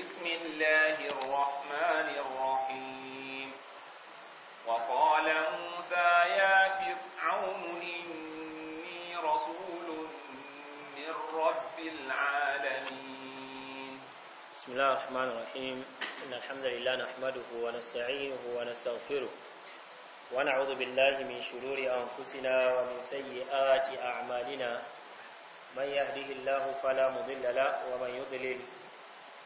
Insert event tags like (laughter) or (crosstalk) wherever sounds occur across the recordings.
بسم الله الرحمن الرحيم وقال موسى يا فرعون إني رسول من رب العالمين بسم الله الرحمن الرحيم إن الحمد لله نحمده ونستعينه ونستغفره ونعوذ بالله من شرور أنفسنا ومن سيئات أعمالنا من يهده الله فلا مضل له ومن يضلل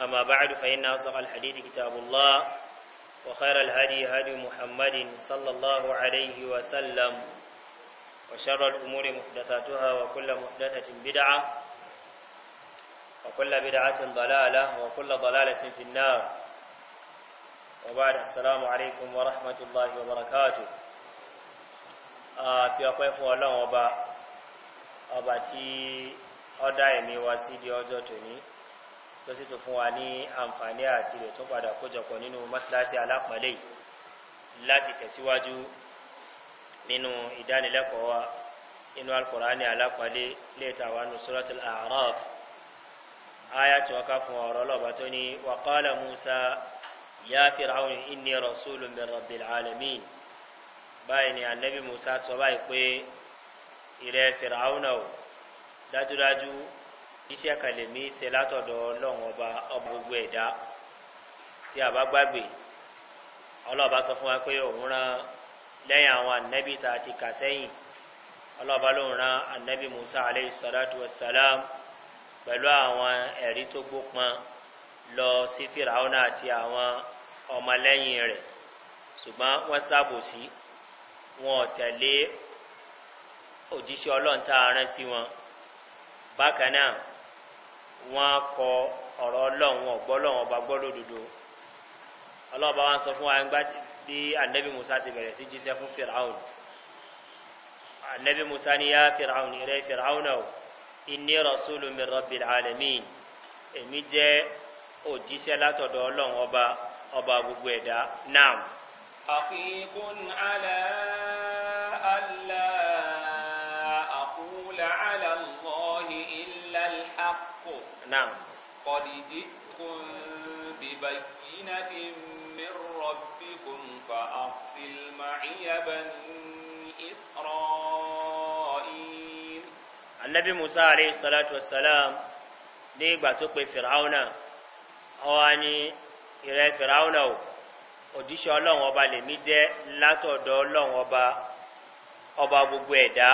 أما بعد فإن أصدق الحديث كتاب الله وخير الهدي هدي محمد صلى الله عليه وسلم وشر الأمور محدثاتها وكل محدثة بدعة وكل بدعة ضلالة وكل ضلالة في النار وبعد السلام عليكم ورحمة الله وبركاته آه، في أقوية الله وبعد أبا تي أدعي ميواسي أجوتني tó sì tún fún wa ní àǹfààní àti rẹ̀ tún padà kójọpọ̀ nínú mọ́síláṣí alápọ̀lẹ́ láti tẹ̀síwájú nínú ìdánilẹ́kọ̀ọ́ wa inú alkùnrání alápọ̀lẹ́ léètà wa nù sọ́rọ̀tìl àárọ̀f aya tí wọ́n ká fún ọ̀rọ̀ lọ́ba tó ní wàkọ́lá musa ya fi ráhùn inni rasulu iṣẹ́ kàlẹ́mí ṣe látọ̀dọ̀ ọlọ́run ọba ọba gbogbo ẹ̀dá tí a bá gbàgbé ọlọ́ọ̀bá sọ fún wa pé òun rán lẹ́yìn àwọn ànábì tá a ti kà sẹ́yìn ọlọ́ọ̀bá lòun rán ànábì musa aleyhi salatu wa salam pẹ̀lú àwọn ẹ̀rí tó gbópọn lọ sí fìràwọ́nà àti àwọn ọmọlẹ́yìn rẹ̀ ṣùgbọ́n wọ́n sábòsí wọn ò tẹ̀lé òjíṣẹ́ ọlọ́run tá sí wọn bákan náà wọn kọ ọ̀rọ̀ ọlọ́run wọn gbọ́ lọ́wọ́ ọba gbọ́ lódodo ọlọ́ọ̀bá wa ń sọ fún wa nígbà tí anabi musa ti bẹ̀rẹ̀ sí jíṣẹ́ fún firaun anabi musa ni ya firaun rẹ firaun náà inni rasulu mi rabbi alamin èmi jẹ́ òjíṣẹ́ látọ̀dọ̀ ọlọ́run ọba ọba gbogbo ẹ̀dá náà. حقيق على ألا أقول على نعم قد جئتكم ببينة من ربكم فأرسل معي بني إسرائيل النبي موسى عليه الصلاة والسلام ní ìgbà tó pe fìràúnà ọwá ní ìrẹ́ fìràúnà ò òjíṣẹ́ ọlọ́run ọba lèmi jẹ́ látọ̀dọ̀ ọlọ́run ọba ọba gbogbo ẹ̀dá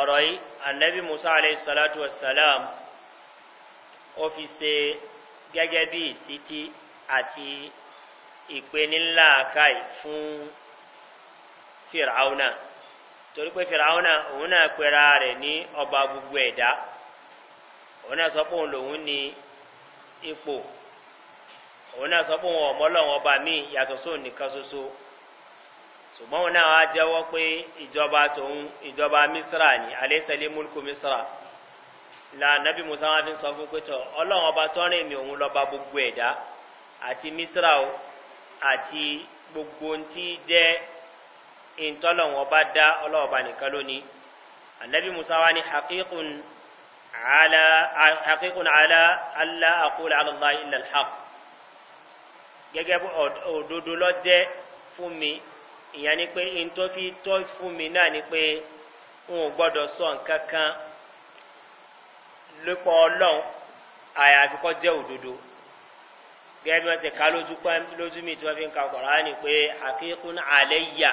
ọ̀rọ̀ yìí anabi musa alayhi salatu wa salam ó fi ṣe gẹ́gẹ́ bí ìsítí àti ìpeniláà káì fún fìràúnà torí pé fìràúnà òun náà pera rẹ̀ ní ọba gbogbo ẹ̀dá òun náà sọ pé òun lòun ní ipò òun náà sọ pé òun ọmọlọ́wọ́n ọba míì yàtọ̀ sóun nìkan ṣoṣo ṣùgbọ́n òun náà wá jẹ́wọ́ pé ìjọba tòun ìjọba misra ni alẹ́sẹ̀lẹ́ múlùkù misra la nabi musa wọn fi sọ fún pé tọ ọlọ́run ọba tọ́rin mi òun lọ́ba gbogbo ẹ̀dá àti misra o àti gbogbo ti jẹ́ ìtọ́lọ́run ọba dá ọlọ́run ọba nìkan lónìí anabi musa wa ni hakikun ala hakikun ala ala akula alala ila alhaq gẹ́gẹ́ bí òdodo lọ jẹ́ fún mi ìyẹn ni pé ìtọ́ tọ́ fún mi náà ni pé n ò gbọ́dọ̀ sọ nǹkan kan lópọ̀ ọlọ́run àyàfi kọ́ jẹ́ òdodo gẹ́gẹ́ bí wọ́n ṣe ká lójú mi tí wọ́n fi ń ka kọ̀ọ̀rọ̀ á ní pé àkíkún àlẹ́yà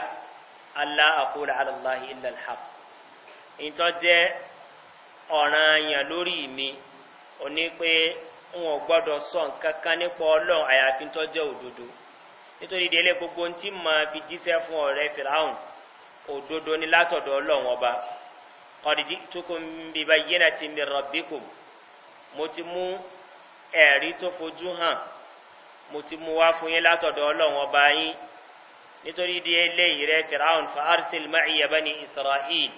aláàkúrò aláàláhi ilẹ̀lá ìtọ́ jẹ́ ọ̀ràn yàn lórí mi ò ní pé wọn gbọ́dọ̀ sọ nǹkan kan nípa ọlọ́run àyàfi tó jẹ́ òdodo nítorí délé gbogbo ohun tí màá fi jíṣẹ́ fún ọ̀rẹ́ fìlà òdodo ni látọ̀dọ̀ ọlọ́run ọba ọ̀dìjì tukùn bíbá yẹ́nà ti mi rọ̀bíkù mo ti mú ẹ̀rí tó fojú hàn mo ti mú wá fún yín látọ̀dọ̀ ọlọ́run ọba yín nítorí di eléyìí rẹ fìràhùn fàárṣìl máìyà bá ní israel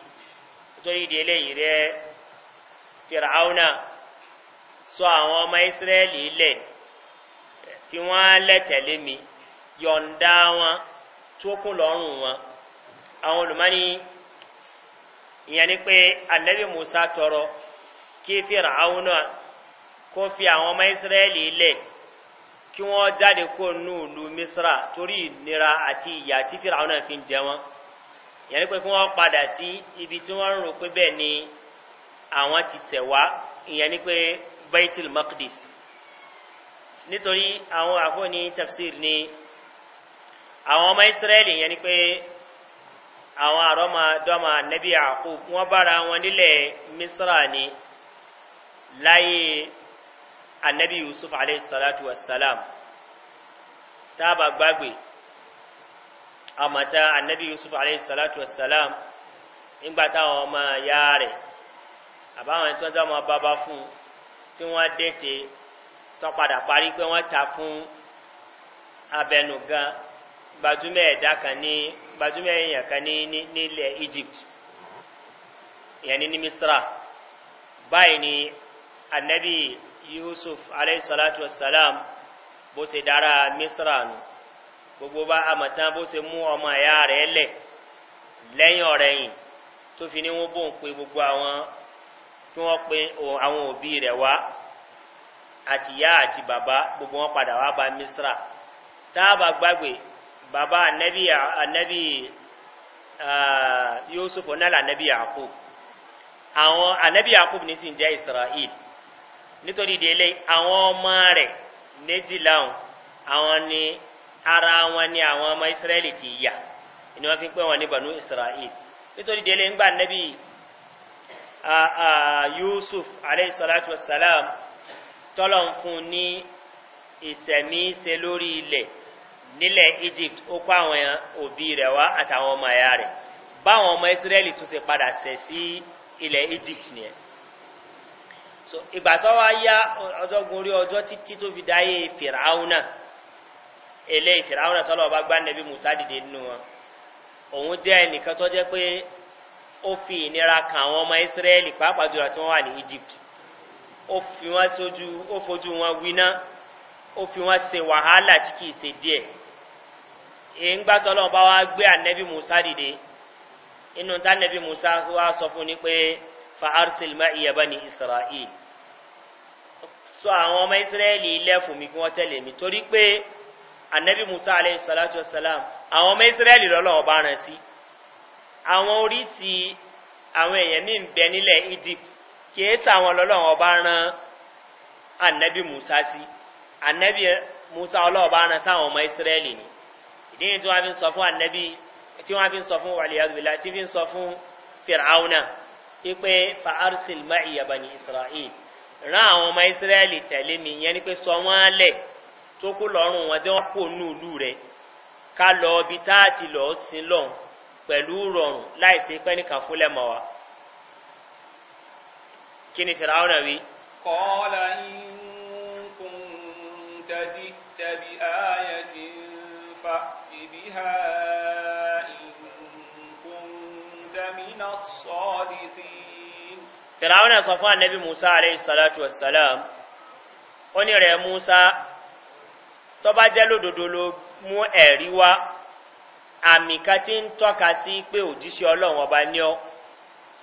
nítorí di eléyìí rẹ fìràhùn sọ àwọn ọmọ israẹli ilẹ̀ tí wọ́n lẹ́tẹ̀lé mi yọ̀ǹda wọn tó kún lọ́rùn wọn àwọn olùmọ́ni ìyẹn ni pé anabi musa tọrọ kí fìràwọn náà kó fi àwọn ọmọ ìsírẹ́lì lẹ̀ kí wọ́n jáde kó nù lu misra torí ìnira àti ìyà tí fìràwọn náà fi ń jẹ wọn ìyẹn ni pé kí wọ́n padà sí ibi tí wọ́n ń rò pé bẹ́ẹ̀ ni àwọn ti sẹ̀ wá ìyẹn pé baitul makdis nítorí àwọn àfọ́ni tafsir ni àwọn ọmọ ìsírẹ́lì ìyẹn pé àwọn àrọ́mọdọ́mọ nẹ́bí àkú wọ́n bára wọn nílẹ̀ misra ni láyé anabi yusuf aleyhisalatu wasalam tábà gbàgbé àmàta anabi yusuf aleyhisalatu wasalam nígbà táwọn ọmọ ya rẹ̀ àbáwọn tí wọ́n dá ọmọ bàbá fún tí wọ́n dẹ́tẹ̀ tán padà parí pé wọ́n ta fún abẹnugan gbajúmọ̀ ẹ̀dá kan ní gbajúmọ̀ èèyàn kan ní nílẹ̀ egypt ìyẹn ní misra báyìí ni anabi yusuf aleyhisalatu wasalam bó ṣe dára misra nù gbogbo bá amọ̀tán bó ṣe mú ọmọ ẹ̀yà rẹ̀ lẹ̀ lẹ́yìn ọ̀rẹ́yìn tó fi ní wọ́n bò ń pe gbogbo àwọn tí wọ́n pe àwọn òbí rẹ̀ wá àtìyá àti bàbá gbogbo wọn padà wá ba misra tá gbàgbé bàbá ànẹ́bí ànẹ́bí yusuf onála ànẹ́bí yakub àwọn ànẹ́bí yakub ní sì ń jẹ́ israel nítorí ìdílé àwọn ọmọ rẹ̀ méjìlá àwọn ni ara wọn ni àwọn ọmọ israẹli ti yà ni wọn fi pẹ́ wọn ní banu israel nítorí ìdílé ńgbà ànẹ́bí yusuf alayhi salatu wa salam tọ́lọ̀ ń fún ní ìsẹ̀mí ṣe lórí ilẹ̀ nílẹ̀ egypt ó kó àwọn òbí rẹ̀ wá àtàwọn ọmọ ẹ̀yà rẹ̀ báwọn ọmọ israẹli tún ṣe padà sẹ̀ sí ilẹ̀ egypt nìyẹn so ìgbà tó wá yá ọjọ́ gorí ọjọ́ títí tó fi dáyé fìràúnà ilé fìràúnà tọ́lọ̀ ọba gbá nẹ́bí musa dìde nínú wọn òun jẹ́ ẹnìkan tó jẹ́ pé ó fi ìnira kan àwọn ọmọ israẹli pàápàá jùlọ tí wọ́n wà ní egypt ó fi wọ́n sójú ó fojú wọn winá ó fi wọ́n se wàhálà tí kìí se díẹ̀ èyíngbà tọ́lọ́ bá wá gbé ànẹ́bí musa dìde inú tá ànẹ́bí musa wá sọ fún ni pé fa arsil ma ìyẹ̀bá ní israel sọ àwọn ọmọ israẹli ilẹ̀ fún mi kí wọ́n tẹ̀lé mi torí pé ànẹ́bí musa alayhi salatu wa salam àwọn ọmọ israẹli lọ́lọ́ ọba rẹ̀ sí àwọn oríṣi àwọn èèyàn mí ń bẹ nílẹ̀ egypt kìí sàwọn lọ́lọ́ ọba rán ànẹ́bí musa sí ànẹ́bí musa ọlọ́ọ̀bá rán sáwọn ọmọ israẹli ni ní tí wọ́n fi ń sọ fún ànẹ́bí tí wọ́n fi ń sọ fún wàlíyàdùbìlá tí fi ń sọ fún fìràúnà wípé fa'arsil ma'iyaba ni israel ran àwọn ọmọ israeli tẹ̀lé mi yẹn ni pé sọ wọ́n lẹ̀ tó kú lọ́rùn wọn tí wọ́n kò nù ìlú rẹ̀ ká lọ bí táàtì lọ sí lọ́n pẹ̀lú rọrùn láìsí pẹ́ nìkan fúnlẹ̀ mọ́ wa kí ni fìràúnà wí. kọ́lá in kùn tẹ́tí tẹ́bi ayé ti ń fa. بها إن كنت من الصادقين فرعون صفى النبي موسى عليه الصلاة والسلام قني رأي موسى tọba jẹ́ lòdòdó ló mú ẹ̀rí wá àmì kan tí ń tọ́ka sí pé òjíṣẹ́ ọlọ́run ọba ní ọ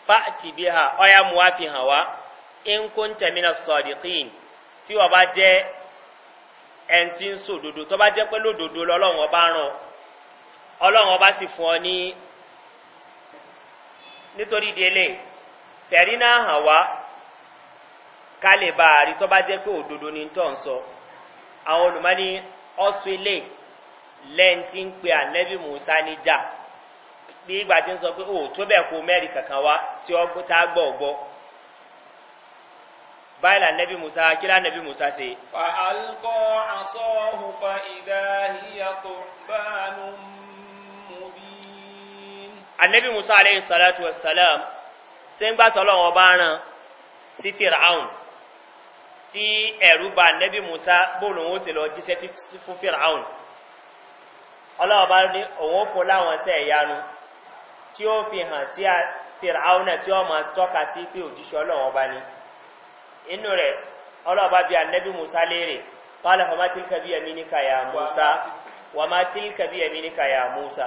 fáàtì bí ha ọyá mu wá fi hàn wá ńkún tẹ̀mínà sọ̀dìkìn tí ọba jẹ́ ẹni tí ń sòdodo tọba jẹ́ pé lòdòdó lọ́lọ́run ọba ràn ọlọ́run ọba sì fún ọ ní nítorí délé fẹ̀rí náà hàn wá ká lè bá a rí tó bá jẹ́ pé òdodo ni tó ń sọ àwọn olùmọ́ni ọ̀sùn ilé lẹ́yìn tí ń pe ànẹ́bí musa níjà bí ìgbà tí ń sọ pé ó tó bẹ̀ kó mẹ́rin kankan wá tí ó tá gbọ́ ọ̀gbọ́ báyìí la nẹ́bí musa kí lá nẹ́bí musa ṣe. fa alukọ asọ́hùn fa ìdáhìyàtọ̀ bánu mú. anabi musa aleyhi salatu wa salam ṣe ń gbàtọ́ lọ́wọ́ bá ràn sí firaun tí ẹ̀rú ba anabi musa bóòlù wọn ó sì lọ jíṣẹ́ fún firaun ọlọ́wọ́ bá ní òun fún láwọn ṣe ìyanu tí ó fi hàn sí firaun tí ó máa tọ́ka sí pé òjíṣẹ́ ọlọ́wọ́ bá ní inú rẹ̀ ọlọ́wọ́ bá bí anabi musa léèrè kọ́lá fọmátìlkà bí bí ẹ̀mí níkà yà musa.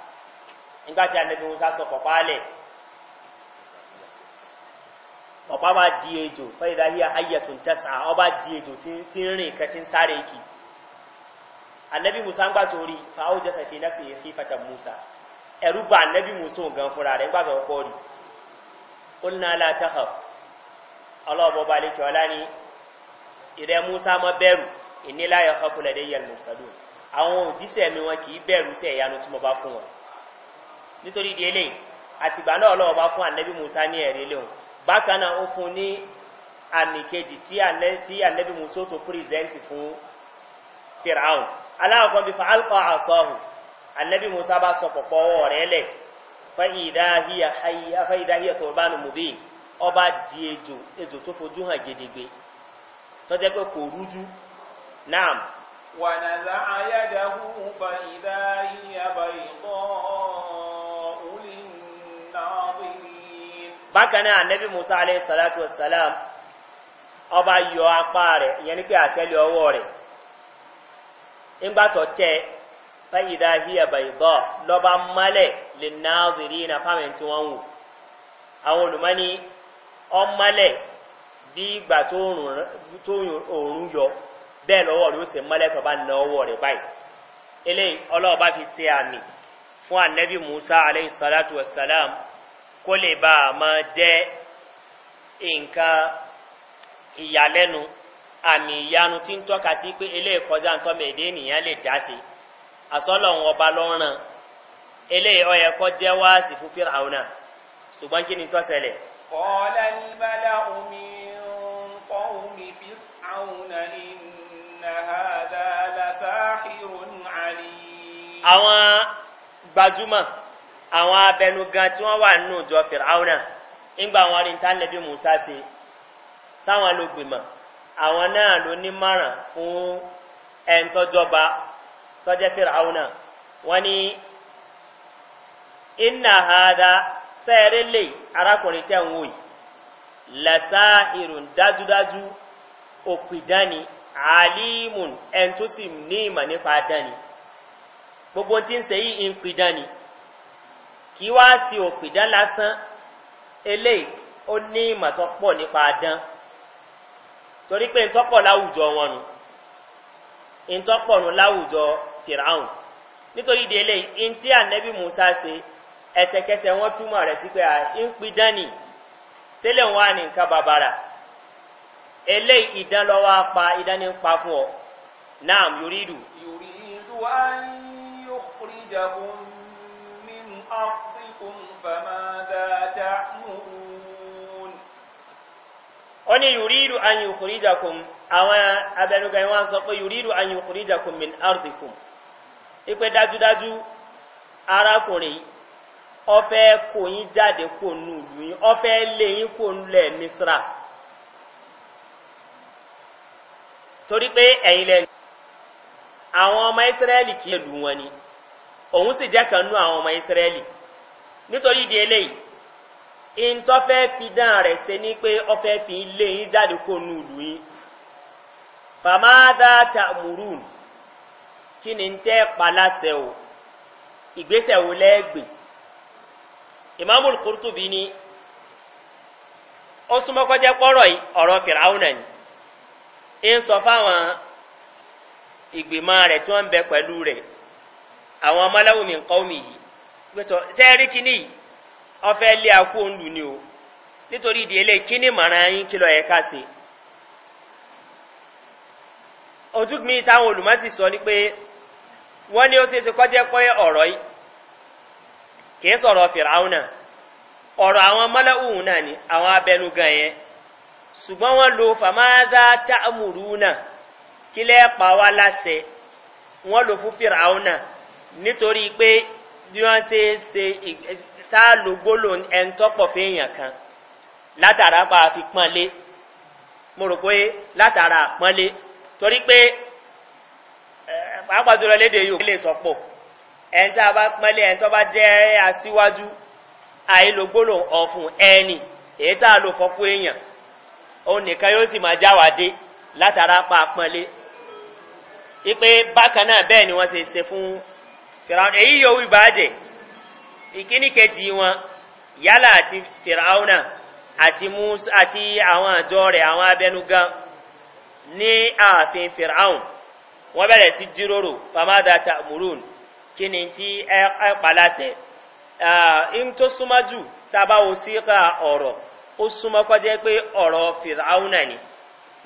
nígbàtí anabi musa sọ pọ̀pá alẹ̀ ọ̀pá bá di ejò fẹ́lẹ̀dá híyà ayyàtún tẹ́sà ọba di ejò tí ń rìn kẹ́ tí ń sáré kì anabi musa ń gbà tó rí fàáwó jẹ́sẹ̀ fi nẹ́sì yẹ sí fata musa ẹ̀rú bá anabi musa gan fúnra rẹ̀ gbàgbọ́ ọkọ rí ó ní ala tahab ọlọ́ọ̀bọ̀ bá lékè ọlá ní ìrẹ́ musa mọ́ bẹ̀rù ìníláyọ̀ kọkùnlẹ̀ dẹ́yẹ̀ lọ́sàdùn àwọn òjísẹ̀ mi wọn kì í bẹ̀rù sí ẹ̀yánu tí mo bá fún wọn nítorí ìdí eléyìí àtìgbà náà ọlọ́wọ́ bá fún ànẹ́bí musa ní ẹ̀rí léhùn bákan ó fún ní àmì tí ànẹ́bí musa tó pírìsẹ́ǹtì fún firaun aláwọ̀kan bí fàálkọ̀ ànẹ́bí musa bá sọ pọ̀pọ̀ ọwọ́ rẹ̀ lẹ̀ fẹ́ìdáhíyà tó bá ọba di ejò ejò tó fojú hàn gedegbe tọ́jẹ́ pé kò rújú náà baka náà anabi musa alayhi salatu wa salam ọba yọ apá rẹ̀ ìyẹn ni pé àtẹ́lẹ̀ ọwọ́ rẹ̀ ńgbàtọ̀ tẹ́ fẹ́yìdá híyà lọ́ba mọ́lẹ̀ lè na fami tí wọ́n wù àwọn olùmọ́ni ọmọlẹ̀ bí ìgbà tó yọ bẹ́ẹ̀ lọ́wọ́ rẹ̀ ó sì mọ́lẹ̀ tó bá ọwọ́ rẹ̀ báyìí anabi musa alayhi salatu wa kó lè bá a máa jẹ́ nǹkan ìyàlẹ́nu àmì ìyanu tí ń tọ́ka sí pé eléyìí kọjá ń tọ́mọ èdè lè já sí àsọ́lọ̀ ń ọba lọ́rùn eléyìí ọyẹ kọ́ jẹ́ wá sí fún fíraun ṣùgbọ́n kí ni tó ṣẹlẹ̀. kọ́lá ní bàdà omi kọ́ omi fi àwọn ìnà àdá lásàáhìrún àlè. àwọn gbajúmọ̀ àwọn abẹnugan tí wọ́n wà nínú ìjọ fìràwọnà ńgbà wọn rí ntánẹbí musa ṣe táwọn ló gbìmọ àwọn náà ló ní márùn fún ẹntọjọba tọjẹ fìràwọnà wọn ni iná hada sẹẹrẹlẹ arákùnrin tẹ yìí lẹsà irun dájúdájú òpìdánì alimun ẹntúsìm ní ìmọ̀ nípa dání gbogbo tí ń sẹ́yìn ń pìdánì. kì wá sí òpìdán lásán eléyìí ó ní ìmọ̀ tó pọ̀ nípa dán torí pé ntọ́pọ̀ láwùjọ wọn nù ntọ́pọ̀ nù láwùjọ fìràhùn nítorí ìdí eléyìí ntí ànẹ́bí musa ṣe ẹsẹ̀kẹsẹ̀ wọn túmọ̀ rẹ̀ sí pé ń pidán ni sílẹ̀ wọn á ní nǹkan bàbàrà eléyìí ìdán lọ́wọ́ apá ìdán ní pa fún ọ náà yorùdù. yorùdù á ń yóò kúrìjà fún mi. أرضكم فماذا تعمرون oni yuridu an yukhrijakum awon abenugan wa so pe yuridu an yukhrijakum min ardikum ipe daju daju arakunrin o fe ko yin jade ko nu ilu yin o fe le yin ko nle misra tori pe eyin le àwọn ọmọ israẹli kí èlú wọn ni òun sì jẹ́ kan nú àwọn ọmọ ìsírẹ́lì nítorí ìdí eléyìí in tó fẹ́ fi dán rẹ̀ se ní pé ọ fẹ́ fi ilé yín jáde kó nú ìlú yín fàmádà tàmùrùn kí ni tẹ́ o ìgbésẹ̀ wo lẹ́gbẹ̀ẹ́ ìmáàmù kùrùtùbí ni ó súnmọ́ kọjá pọ́rọ̀ ọ̀rọ̀ fìràúnà ni ń sọ fáwọn ìgbìmọ̀ rẹ̀ tí wọ́n ń bẹ pẹ̀lú rẹ̀ àwọn mọ́láwù mi nǹkan omi yìí gbẹ́tọ̀ sẹ́ẹ̀rí kìíní ọfẹ́ lé akú òǹlù ni o nítorí ìdí ilé màrá yín kí lọ yẹ ká sí ojú táwọn olùmọ́sí sọ ni pé wọ́n ní ó ti ṣe kọ́jẹ́ pé ọ̀rọ̀ yìí kìí sọ̀rọ̀ fìràúnà ọ̀rọ̀ àwọn mọ́láwù náà ni àwọn abẹnugan yẹn ṣùgbọ́n wọ́n lo táàmùrú náà lo fún fìràúnà nítorí pé bí wọ́n ṣe ṣe táàlù gbólóhùn ẹni tọ́pọ̀ fèèyàn kan látara pa àfi pọ́nlé mo rò pé látara àpọ́nlé torí pé pàápàá jùlọ léde yóò lè tọ́pọ̀ ẹni tá a bá pọ́nlé ẹni tó bá jẹ́ aṣíwájú àìlò gbólóhùn ẹni èyí tá fọ́pọ̀ èèyàn òun nìkan yóò sì máa jáwàdé látara pa àpọ́nlé ipe bákan náà bẹ́ẹ̀ ni wọ́n ṣe ṣe fún fìràún èyí yóò wí bàájẹ́ ìkíní kẹjì wọn yálà àti fìràúnà àti musa àti àwọn àjọ rẹ̀ àwọn abẹnugan ní ààfin fìràún wọ́n bẹ̀rẹ̀ sí jíròrò pamada tamurun kí ni tí ẹ pàlásẹ̀ in tó súnmọ́ jù tabawo síkà ọ̀rọ̀ ó súnmọ́ kọjẹ́ pé ọ̀rọ̀ fìràúnà ni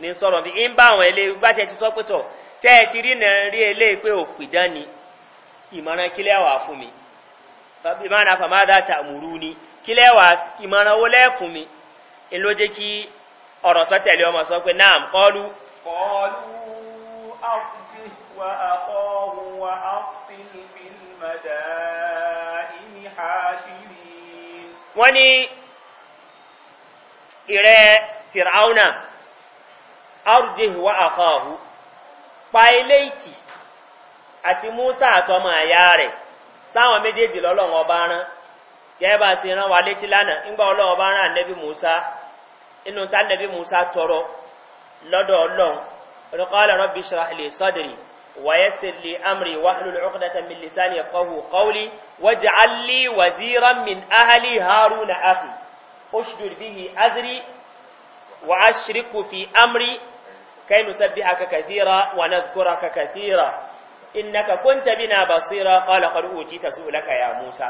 ní sọ̀rọ̀ bí in bá àwọn ilé gbájẹ́ ti sọ pé tọ̀ tẹ́ ẹ ti rí nà rí eléyìí pé òpìdán ni ìmọ̀ràn kílẹ̀ wà fún mi ìmọ̀ràn àfàmádà tà múrú ni kílẹ̀ wà ìmọ̀ràn wọlé fún mi in ló jẹ́ kí ọ̀rọ̀ tó tẹ̀lé ọmọ sọ pé náà kọlu. kọlu àfùdí wa àkọ́hùn wa àfùsí bílmọ̀dá ìní àṣírí. wọ́n ní ìrẹ́ fìràúnà wa àkọ́hùn pa ilé àti musa àtọmọ àyà rẹ̀ sáwọn méjèèjì lọ́lọ́wọ́ bá rán gẹ́gẹ́ bá sí rán wa létí lánàá ńgbà ọlọ́wọ́ bá rán ànẹ́bí musa inú tá ànẹ́bí musa tọrọ lọ́dọ̀ ọlọ́run olùkọ́lá rọ́bì ṣàlẹ̀ sọ́dìrì wàyẹ́sẹ̀lẹ̀ amri wàhálùlù ọkùnrin mi lìsánì ẹ̀kọ́hù kọ́wùlì wàjà alì wàzíra min ahali haruna afi oṣù bihi azri wa ashiriku fi amri kai nusabbi kathira wa nazkura kathira innaka kunta bina basira qala qad utita su'laka ya musa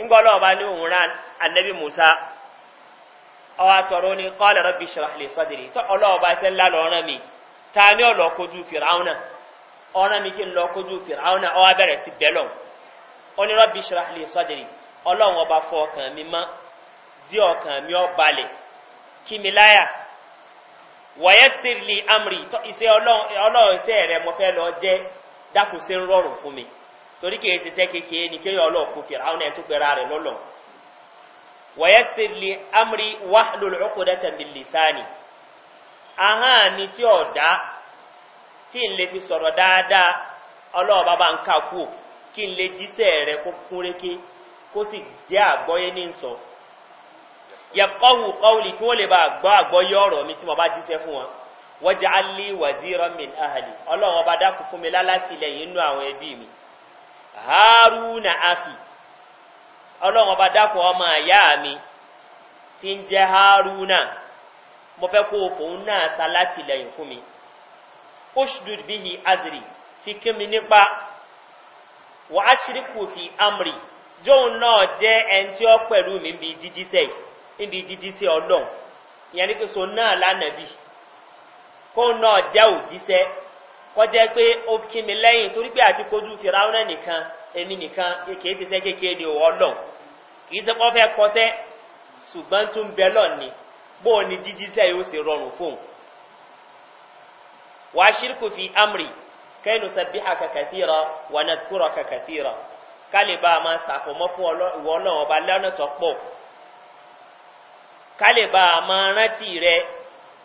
ngba lo ba ni ohun ran annabi musa awa toro ni qala rabbi shrah li sadri to olo ba se la lo ran mi ta ni olo koju fir'auna ona mi kin lo koju fir'auna awa bere si belo oni rabbi shrah li sadri olohun oba fo kan mi mo di okan mi o bale kimi laya wayassir li amri to ise olohun olohun ise re mo fe lo je dákun sí ń rọrùn fún mi torí kìí ṣiṣẹ́ kékeré ni kéèyàn ọlọ́ọ̀kú fìrà àwọn ẹ̀ tó rẹ̀ lọ́lọ́ wọ̀yẹ́sì lè amúrí wàhálùlù ọkùnrin bí lìsáàni ahán mi tí ò dá tí n lè fi sọ̀rọ̀ dáadáa ọlọ́ọ̀bá bá ń kà kú kí n lè jíṣẹ́ rẹ̀ kó kó sì jẹ́ àgbọ́yé ní sọ yẹ kí wọ́n lè bá àgbọ́ àgbọ́yé ọ̀rọ̀ mi tí mo waj'al li min ahli ọlọ́run ọba dákun fún mi lálátìlẹ́yìn inú àwọn ẹbí mi haruna afi ọlọ́run ọba dákun ọmọ àyá mi ti ń jẹ́ haruna mo fẹ́ kó òun náà sa fún mi bihi adri fi kí mi nípa wà á ṣíríkù fi amri jóun náà jẹ́ ẹni tí ó pẹ̀lú mi ìyẹn náà lánàá bíi kó jẹ́ òjíṣẹ́ kọjẹ́ pé ó kí mi lẹ́yìn torí pé àti kojú fìràwọ́nà nìkan èmi nìkan kìí ni òwò lọ kìí ṣe pọ́ fẹ́ kọsẹ́ ṣùgbọ́n tún ni bó o ní jíjíṣẹ́ yóò ṣe rọrùn amri kẹ́nu sàbí àkàkàtìrọ wà náà kúrọ̀ kàkàtìrọ ká máa ṣàfọ̀mọ́ fún ìwọ ọlọ́run ọba lọ́nà tó pọ̀ ká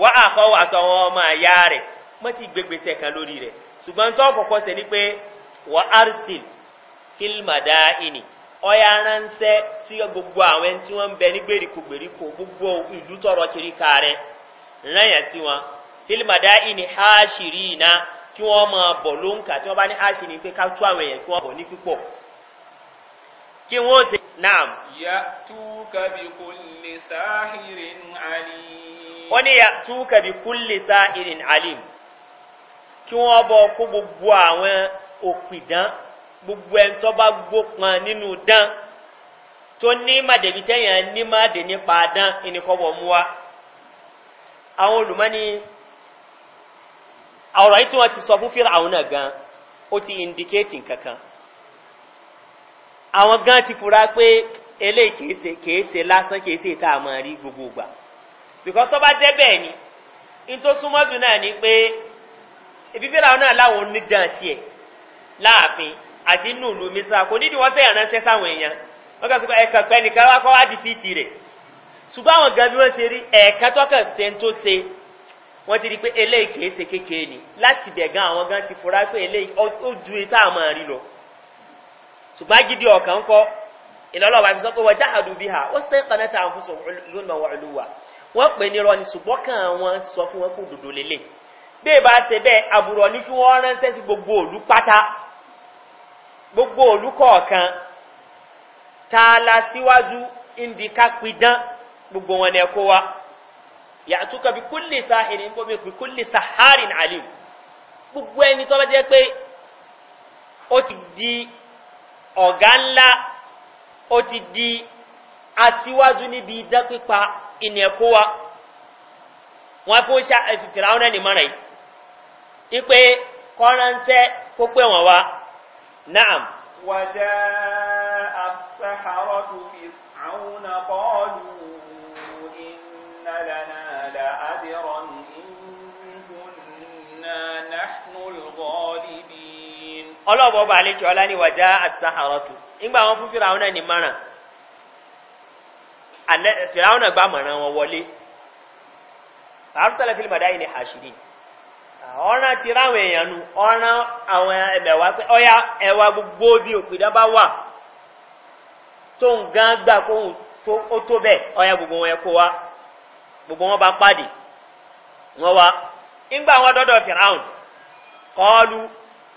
wa àkọ́wọ́ àtọwọn ọmọ àyá rẹ̀ mọ́ ti gbégbèsẹ̀ kan lórí rẹ̀ ṣùgbọ́n tó kọ̀kọ́ sẹ ní pé wà arsil filmada ini ọya ránṣẹ́ tí gbogbo àwọn ẹni tí wọ́n ń bẹ gbogbo ìlú tọrọ kiri ká rẹ̀ sí wọn ini haṣiri iná kí wọ́n máa bọ̀ lóǹkà tí wọ́n bá ní haṣiri pé ká tú àwọn èèyàn kí kí wọ́n ti náà. Yà túkà bí kúlè sáhìrín alim. Wọ́n ni yà túkà bí kúlè sáhìrín alim. Kí wọ́n bọ̀ kó gbogbo àwọn òpìdán, gbogbo ẹn tó bá gbópan nínú dán, tó ní màdèbí tẹ́yàn ní màdè nípa dán ìníkọ́wọ̀ mú wa. Àwọn olùmọ́ni, àwòrán yìí tí wọ́n ti sọ fún fíra àwọn náà gan, ó ti indikéètì kankan àwọn gan ti fura pé elé kèése lásán kèése ìta àmọ́ rí gbogbo gbà because tó bá jẹ́ bẹ́ẹ̀ ni in tó súnmọ́ jù náà ni pé ibi bí làwọn náà láwọn onídàn tiẹ̀ láàfin àti inú ìlú mísà kò nídìí wọ́n sẹ́yìn ránṣẹ́ sáwọn èèyàn wọ́n kàn sí pé ẹ̀kan pẹ́ nìkan wá kọ́ wá di fíìtì rẹ̀ ṣùgbọ́n àwọn gan bí wọ́n ti rí ẹ̀ẹ̀kan tọ́kàn ṣe tó ṣe wọ́n ti rí pé eléyìí kèése kékeré ni láti bẹ̀ àwọn gan ti fura pé eléyìí ó ju ìta àmọ́ rí lọ ṣùgbọ́n gidi ọ̀kan kọ́ ìlọ́lọ́wà fi sọ pé wọ́n jáhàdù bí ha ó sẹ́ kanẹ́ta àfúnṣọ lónà wà lúwà wọ́n pè ní rọ ni ṣùgbọ́n kan wọn sọ fún wọn kó dòdò lélẹ̀ bí ìbá ṣe bẹ́ẹ̀ àbúrò ní kí wọ́n ránṣẹ́ sí gbogbo òlú pátá gbogbo òlú kọ̀ọ̀kan ta la síwájú ìdí ká pidán gbogbo wọn ẹ̀ wa yàtúkọ̀ bí kúlì sáhìrì ń bómi pé kúlì sahari alim gbogbo ẹni tó bá jẹ́ pé ó ti di ọ̀gá ńlá ó ti di aṣíwájú níbi idán pípa ìnẹ̀kó wa wọ́n fún fìràúnà nìmọ́ràn yìí pé kọ́ránṣẹ́ kó pé wọ́n wá náà wàjá àṣàhàrọ́tù fìràúnà bọ́ọ̀lù ìnàlànà àdìrọ̀ ọlọ́ọ̀bọ̀ ọba àlejò ọlá ni wàjá àtìsáhàrọ́tù ńgbà wọn fún fìràwọ́nà ni márùn fìràwọ́nà gbà mọ̀ràn wọn wọlé àrùsọ̀lẹ̀ fílì màdá yìí àṣírí ọ̀ràn ti ráwọn èèyàn nu ọ̀ràn àwọn ẹ̀mẹ̀wá pé gbogbo bí òpìdá wà tó ń gán gbà tó bẹ́ẹ̀ wa gbogbo wọn wa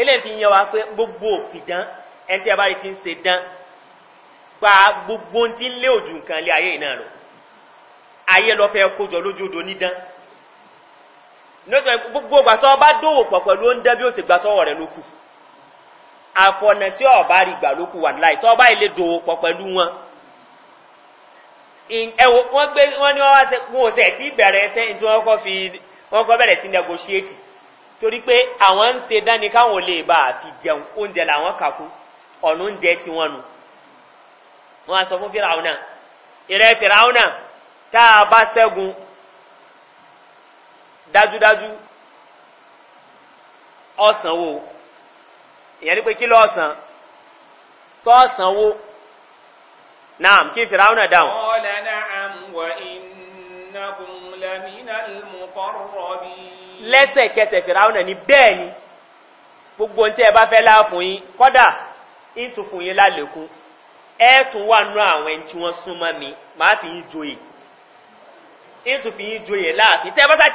eléyìí fi yẹ wa pé gbogbo òfìdán ẹni tí a bá rí ti ń ṣe dán pa gbogbo ohun lé òjò nǹkan lé ayé aye lọ ayé lọ fẹ́ kójọ lójú odò gbogbo gbàtọ́ bá dòwò pọ̀ pẹ̀lú oúnjẹ bí ó sì ló kù àfọ̀nà tí ọba rí gbà ló kù wà láì tọ́ ọba dòwò pọ̀ pẹ̀lú wọn wọ́n torí pé àwọn ń se dání káwọn lè bá àfi jẹun oúnjẹ làwọn kàkú ọ̀nà oúnjẹ tí wọ́n nu wọ́n á sọ fún fìràwọnà ìrẹ́ fìràwọnà tá a bá sẹ́gun dájúdájú ọ̀sánwó ìyẹn ni pé kí lọ ọ̀sán sọ́ọ̀sánwó náà kí fìràwọnà dáhùn. innakum lamina al-muqarrabin. lẹ́sẹ̀kẹsẹ̀ fìràwọn náà ni bẹ́ẹ̀ ni gbogbo ohun tí ẹ bá fẹ́ láàfún yín kọ́dà ìtún fún yín lálẹ́kún ẹ tún wà nú àwọn ẹni tí wọ́n súnmọ́ mi màá fi yín joyè ìtún fi yín joyè láàfin tẹ́ bá sá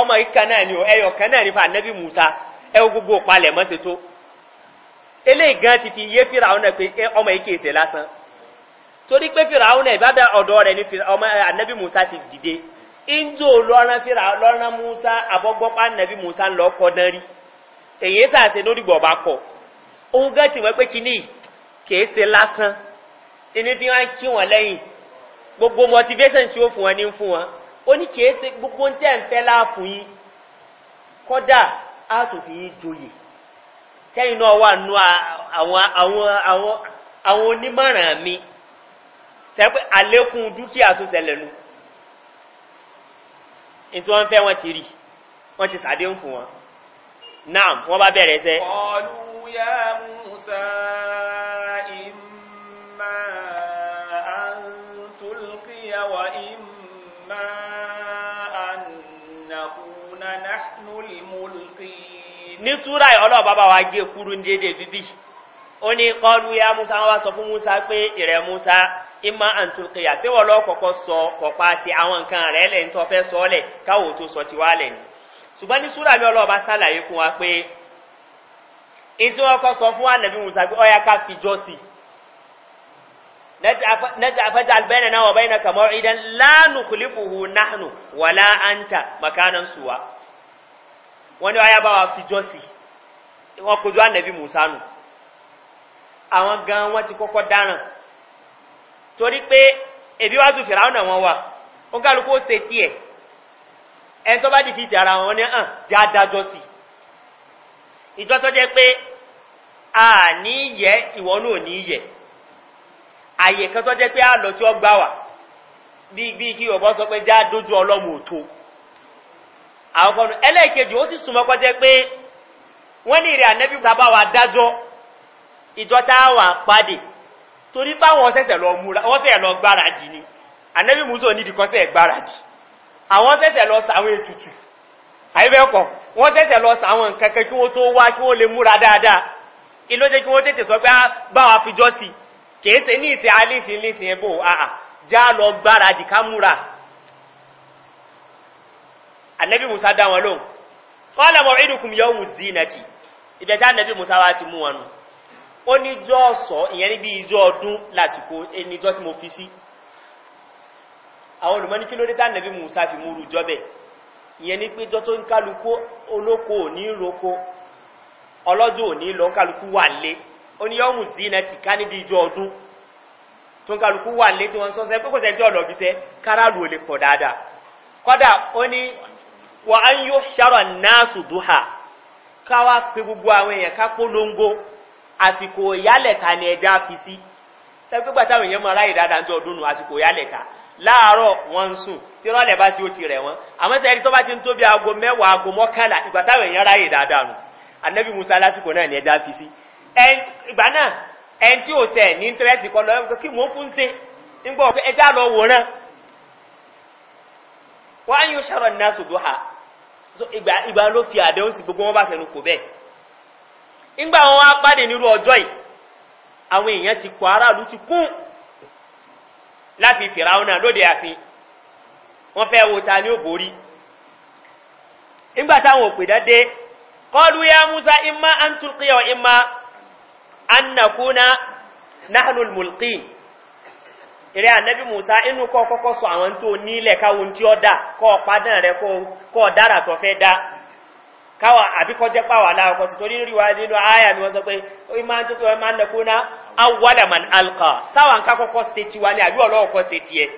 ọmọ ìkan ni o musa ẹ wo gbogbo ìpalẹ̀mọ́ ṣètò eléyìí gan ti fi yé fìràwọn náà pé ọmọ ìkéèsè lásán torí pé fìràún ẹ̀ bẹ ọ̀dọ́ rẹ̀ ní ọmọ eh, ànẹ́bí musa ti dìde injo lọ́rán fìrà lọ́rán musa àbọ́gbọ́pá ànẹ́bí musa ń lọ kọ́dán rí èyí sàṣe lórí bá kọ̀ ohun gẹ́ ti wọ́n pé kíní kìí ṣe lásán ẹni tí wọ́n kí wọ́n lẹ́yìn gbogbo motivation tí ó fún wọn ní fún wọn ó ní kìí ṣe gbogbo ń tẹ́ ń fẹ́ láàfún yín kọ́dà á tún fi yín joyè tẹ́yìn náà wà nú àwọn onímọ̀ràn mi sẹ́pẹ́ àlékún dúkìá tó sẹlẹ̀ nù ìtí wọ́n fẹ́ wọ́n ti rí wọ́n ti sàdéhùn fún wọn náà wọ́n bá bẹ̀rẹ̀ sẹ́ ọlúyà musa ìmá àntúlkìyàwó ìmá ànàkúnà náàlùmùlkì ní súra ọlọ́ọ̀bá bá wa gé kúrú ní dédé bíbí ó ní kọlu ya musa wọ́n wá sọ fún musa pé ìrẹ̀ musa ìmọ̀ àǹtùkìyà sí lọ́kọ̀ọ́kọ́ sọ ọ̀pá àti àwọn nǹkan rẹ̀ lẹ́yìn tó fẹ́ sọ ọ́lẹ̀ káwò tó sọ ti wá ṣùgbọ́n ní súrà bí ọlọ́ọ̀bá sàlàyé fún wa pé fún ànàbí musa pé ọya ká fi jọ́sì nẹ́tì afẹ́jà náà kàmọ́ lánù kùlífùhù wà láàntà ọya bá wa fi jọ́sì wọ́n kojú ànàbí musa nù àwọn gan wọ́n ti kọ́kọ́ torí pé ẹbí wá tún fìràwọ́n náà wọ́n wà ó ga kálukú ó se tiẹ̀ ẹni tó bá dì fi wọn ní hàn já dájọ́ sí ìjọ pé a ní yẹ ìwọ náà ní yẹ àyè kan tó pé a lọ tí ó gbà wà bí kí ọ̀bọ sọ pé já dójú ọlọ́mù òtó àwọn kan ẹlẹ́ẹ̀kejì ó sì súnmọ́ kọ́ jẹ́ pé wọ́n ní ìrìn ànẹ́bí wa dájọ́ torí páwọn sẹ́sẹ̀ lọ múra wọ́n sẹ́ẹ̀ lọ gbáradì ni anẹ́bí muso nídìí kan sẹ́ẹ̀ gbáradì àwọn sẹ́sẹ̀ lọ sàwọn ètùtù àyíbẹ́ẹ̀kọ́ wọ́n sẹ́sẹ̀ lọ sàwọn nkankan kí wọ́n tó wá kí wọ́n lè múra dáadáa ilé jẹ́ kí wọ́n tètè sọ pé ah, báwa fijọ́ sí kèése ní ìsẹ̀ alísìn lísìn ẹ̀bọ̀ àà já lọ gbáradì ká múra anẹ́bí musa dá wọn lóhùn ó níjọ́ ọ̀sọ̀ ìyẹn níbi ìjọ ọdún lásìkò ẹnìjọ́ tí mo fi sí àwọn kí ló musa fi múrù jọ́bẹ̀ ìyẹn ní pé jọ tó ń kálukú olóko ò ní roko ọlọ́jọ́ ò ní lọ kálukú wà lé ó ní yọ́mù sí iná ti ká níbi ìjọ ọdún tó ń kálukú wà lé tí wọ́n sọ sẹ́ pẹ́kọ̀ọ́ sẹ́jọ́ ọ̀lọ́bí sẹ́ káràlù ò lè pọ̀ dáadáa kọ́dà ó ní á àsìkò ìyálẹ̀ta ni ẹja fi sí sẹ́gbẹ́gbà táwọn èèyàn máa ráyè dáadáa tó ọdún nù àsìkò ìyálẹ̀ta láàárọ̀ wọn ń sùn tí rọ́ọ̀lẹ̀ bá sí ó ti rẹ̀ wọ́n àmọ́ sẹ́ni tó bá ti ń tó bí aago mẹ́wàá aago mọ́kànlá ìgbà táwọn èèyàn musa lásìkò náà ni ẹja ìgbà wọn wá pàdé nírú ọjọ́ yìí àwọn èèyàn ti kọ aráàlú ti kún láti fìràúnà lóde àfin wọ́n fẹ́ wo ta ní ò borí ìgbà táwọn òpè dáadé kọlu ya musa imma an tulkiya wa imma an na kuna nahanul mulki ìrẹ́ annabi musa inu kọ kọ́kọ́ sọ àwọn tó nílẹ̀ káwọn tí ó dá kọ́ padà rẹ kọ dára tó fẹ́ dá káwà àbíkọ́jẹ́ pàwà láàkọ́ sí torí ríwá nínú àyà ni wọ́n sọ pé orí máa ń tó pé wọ́n máa ń nàkó ná awadaman alka sáwà ń kákọ́kọ́ se tiwa ní àbí ọlọ́ọ̀kọ́ se tiẹ̀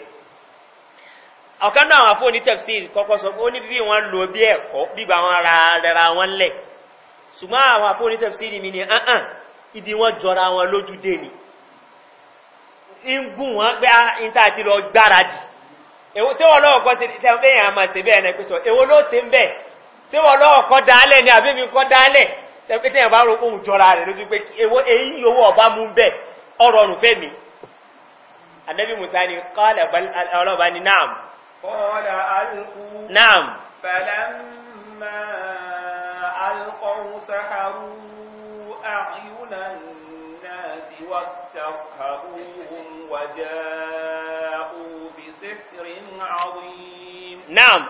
ọ̀kan náà àfọ́ ní tẹ̀sí kọ́kọ́ sọ pé ó ní bí wọ́n lo bí ẹ̀kọ́ bíbá wọn ra rẹra wọn lẹ̀ ṣùgbọ́n àwọn àfọ́ tẹ̀sí ni hàn ibi wọ́n jọra wọn lójú dé ni ń gùn wọn pé ń ah, tà ti lọ gbáradì èwo tí wọn lọ́wọ́ kọ́ sí ṣe ń fẹ́yìn tí wọ́n lọ́wọ́ kọ́ dálẹ̀ ni àbí mi kọ́ dálẹ̀ tẹ́pẹ́ tẹ́yàn bá rò kóhùn jọra rẹ̀ lójú pé èyí owó ọba mú bẹ́ ọrọ̀ ọ̀rùn fẹ́ mi àdẹ́bí musa ni kọ́lẹ̀ ọlọ́ba ni naam naam naam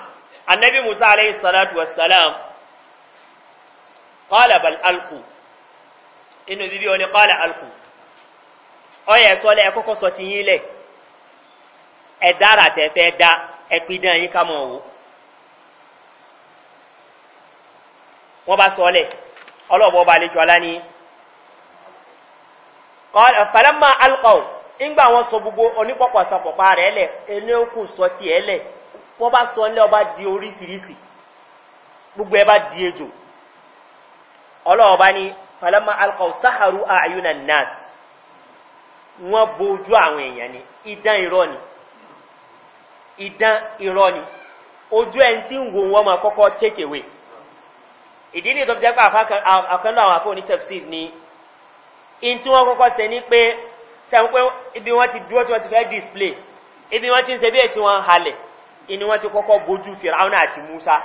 annabi Musa alaihi salatu wassalam qala bal alqu inu bibi oni qala alqu oye so le koko so ti yin le e dara te fe da e pidan yin ka mo wo won ba so le olobo ba le ni qala falamma alqaw ingba ele wọ́n bá sọ ńlẹ́ ọba di oríṣiríṣi gbogbo ẹ bá di ejò ọlọ́wọ́ bá falama alkaw saharu ayuna nas wọ́n bójú àwọn èèyàn ni ìdán irọ́ ni ìdán irọ́ ni ojú ẹni tí ń wo wọn kọ́kọ́ take away ìdí ní ìtọ́jú jẹ́ pé àkànlọ àwọn àfọ̀ onítẹ̀fsir ni in tí wọ́n kọ́kọ́ ṣe ní pé sẹ́wọ́n pé ibi wọ́n ti dúró tí wọ́n ti fẹ́ display ibi wọ́n ti ń ṣe bí ètí wọn halẹ̀ inú wọn ti kọ́kọ́ bójú fìràwọn àti musa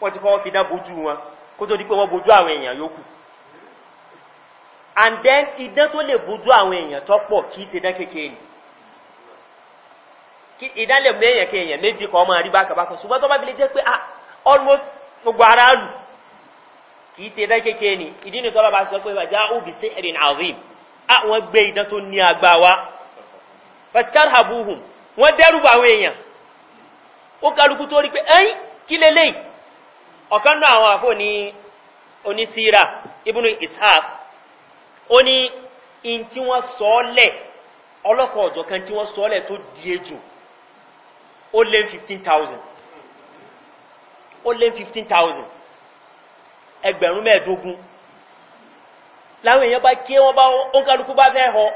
wọ́n ti kọ́kọ́ fi bójú wọn kó tó di pé wọ́n bójú àwọn èèyàn and then idán tó lè bójú àwọn èèyàn tó pọ̀ kì í dán kékeré ni idán lè méèyàn kéèyàn méjì kan ọmọ ma bákàbákan ṣùgbọ́n tó bá jẹ́ pé ah, almost gbogbo ara lù kì í dán ó kálukú tó rí pé ẹ́yìn kí lélẹ̀ ọ̀kan náà àwọn àfò ní onísíra ibùnú ishaq ó ní in tí wọ́n sọ́ọ́lẹ̀ ọlọ́kọ̀ ọ̀jọ̀ kan tí wọ́n sọ́ọ́lẹ̀ tó di ejò ó lé 15,000 ó lé 15,000 ẹgbẹ̀rún mẹ́ẹ̀dógún láwọn èèyàn bá kí wọ́n bá ó kálukú bá fẹ́ họ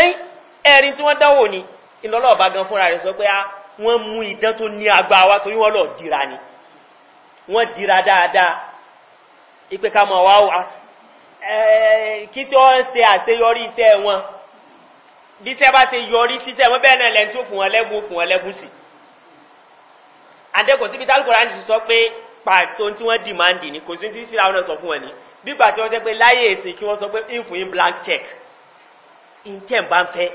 ẹ̀yìn ẹ̀rin tí wọ́n dáwò ní ìlọ́lọ́ ọ̀bá gan fúnra rẹ̀ sọ pé ah, wọ́n mú ìdán tó ní agbá wa torí wọ́n lọ dìra ni wọ́n dìra dáadáa ìpè ká mọ̀ wá wá kí tí wọ́n ṣe àṣeyọrí iṣẹ́ wọn bí iṣẹ́ bá ṣe yọrí síṣẹ́ wọn bẹ́ẹ̀ náà lẹ́ni tó fún wọn lẹ́bùn fún wọn lẹ́bùn sí àdẹ́kọ̀ síbi tálùkọ̀rá ti sọ pé pàtó tí wọ́n dìmáǹdì ni kò sí títí àwọn náà sọ fún wọn ni bígbà tí wọ́n sọ pé láyé èsì kí wọ́n sọ pé ìfún in blank check in tẹ̀ bá ń fẹ́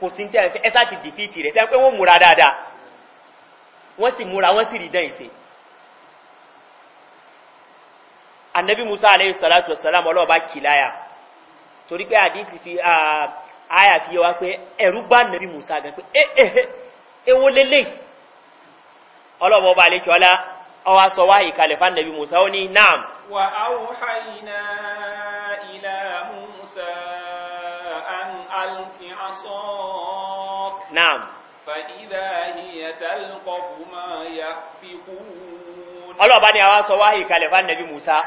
kò sí tẹ̀ ń fẹ́ ẹ sá ti dìfíìtì rẹ̀ sẹ́ pé wọ́n múra dáadáa wọ́n sì múra wọ́n sì rí dán ìsìn annabi musa alayhi salatu wasalam ọlọ́ọ̀bá kìláyà torí pé àdísì fi àyà fi yẹ wá pé ẹ̀rú bá annabi musa gan pé ẹ̀ẹ́ eh, ewo eh, eh, lélẹ̀ ọlọ́ọ̀bá ọba àlejò ọlá ọwá sọ wá ìkàlẹ̀ fún annabi musa ó ní naam. wà á wò ha an alkin asọ́ọ̀kì. naam. فإذا هي تلقف ما يأفقون ya ni àwọn sọ wáyé kalẹ̀ fún anabi musa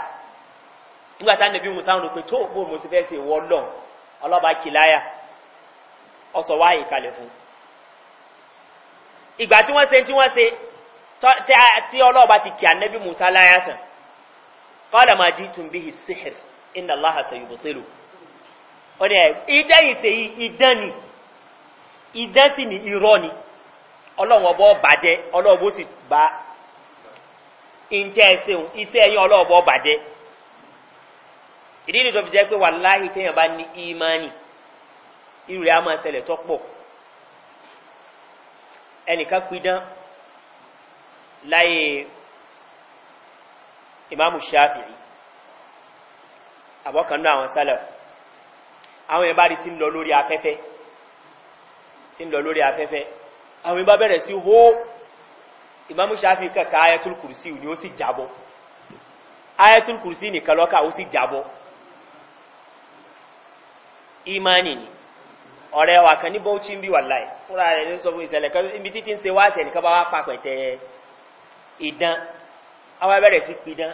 nígbà anabi musa ń rò pé tó bó mo ti fẹ́ ṣe wọ́ lọ ọlọ́ọ̀bá kìláyà ọ sọ wáyé kalẹ̀ fún. ti kì anabi musa láyà sàn kọ́dà máa bihi tún inna sihir iná láhàṣà yorùbá tẹ́lù. ọ̀dẹ̀ ni. idán sì ní irọ́ ni ọlọ́run ọbọ̀ bàjẹ́ ọlọ́run bó sì bá ìǹtẹ́ ẹ̀sìn iṣẹ́ ẹ̀yìn ọlọ́run ọbọ̀ bàjẹ́ ìdí nìtọ́ fi jẹ́ pé wà láàyè téèyàn bá ní ìmánì irú rẹ̀ á máa ṣẹlẹ̀ tó pọ̀ ẹnìkan pidán láyé ìmáàmù ṣáfìrí àbọ̀kan náà àwọn sálẹ̀ àwọn ìbáraẹni ti ń lọ lórí afẹ́fẹ́ sí ń lọ lórí afẹ́fẹ́ àwọn ìbá bẹ̀rẹ̀ sí hó ìmáàmù ṣáfi kẹka ayatul kùrùsí ni ó sì jábọ́ ayatul kùrùsí nìkan lọ́kà ó sì jábọ́ imani ni ọ̀rẹ́ wa kan ní bọ́ọ̀chí ń bí wà láì fúnra rẹ̀ ní sọ fún ìṣẹ̀lẹ̀ kan ibi títí ń se wá àṣẹ nìkan bá wá papẹ̀ tẹ ìdán àwọn abẹ́rẹ̀ sí pidán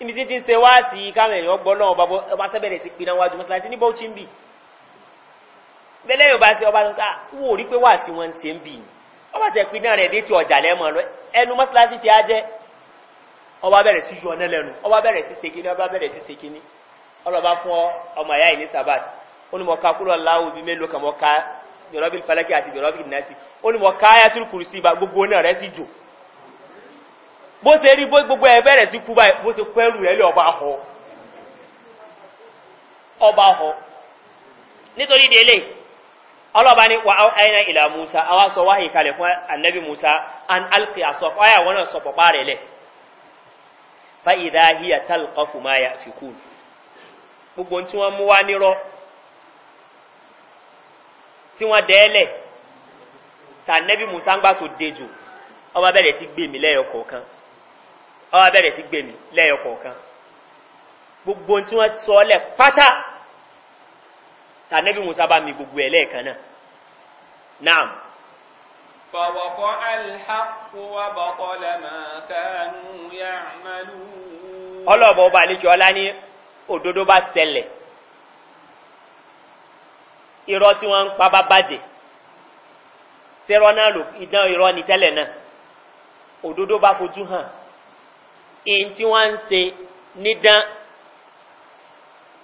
ibi títí ń se wá sí káwọn èèyàn gbọ́ náà ọba sẹ́bẹ̀rẹ̀ sí pidán wájú mọ́sálásí ní bọ́ọ̀chí ń bí bẹ́lẹ̀ yóò bá ṣe ọba nǹkan wò rí pé wà sí wọn ṣe ń bì ní ọba tẹ̀ pin náà rẹ̀ dé ti ọjà lẹ́mọ̀ lọ ẹnu mọ́ṣáláṣí ti á jẹ́ ọba bẹ̀rẹ̀ sí yọ ọ̀nẹ́lẹ́nu ọba bẹ̀rẹ̀ sí ṣe kíní ọba bẹ̀rẹ̀ sí ṣe kíní ọlọ́ba fún ọmọ ẹ̀yà ìní sabat ó ní mọ̀ ká kúrò láwù bí mélòó kà mọ̀ ká jọ̀rọ̀bì falẹ́kì àti jọ̀rọ̀bì nẹ́sì ó ní mọ̀ ká ayatollah kùrùsì bá gbogbo náà rẹ̀ sì jò bó ṣe rí gbogbo ẹ̀ bẹ̀rẹ̀ sí kú báyìí bó ṣe kú ẹrù rẹ̀ lé ọba họ ọba họ nítorí délé ọlọ́ba ní wà áyínà ìlà musa sọ wahi kalẹ̀ anabi musa an alki asọ́pọ̀ wọn na sọpọ̀ pààrẹ̀ lẹ̀ fa ìdá híyà tálkọ́fù fi kúl gbogbo tí wọ́n ta anabi musa ń gbà ọba bẹ̀rẹ̀ musa mi gbogbo نعم فوقع الحق وبطل ما كانوا يعملون ọba àlejò ọlá ní òdodo bá sẹlẹ̀ irọ́ pa bá bàjẹ́ sẹ́rọ́ náà lò ìdán hàn èyí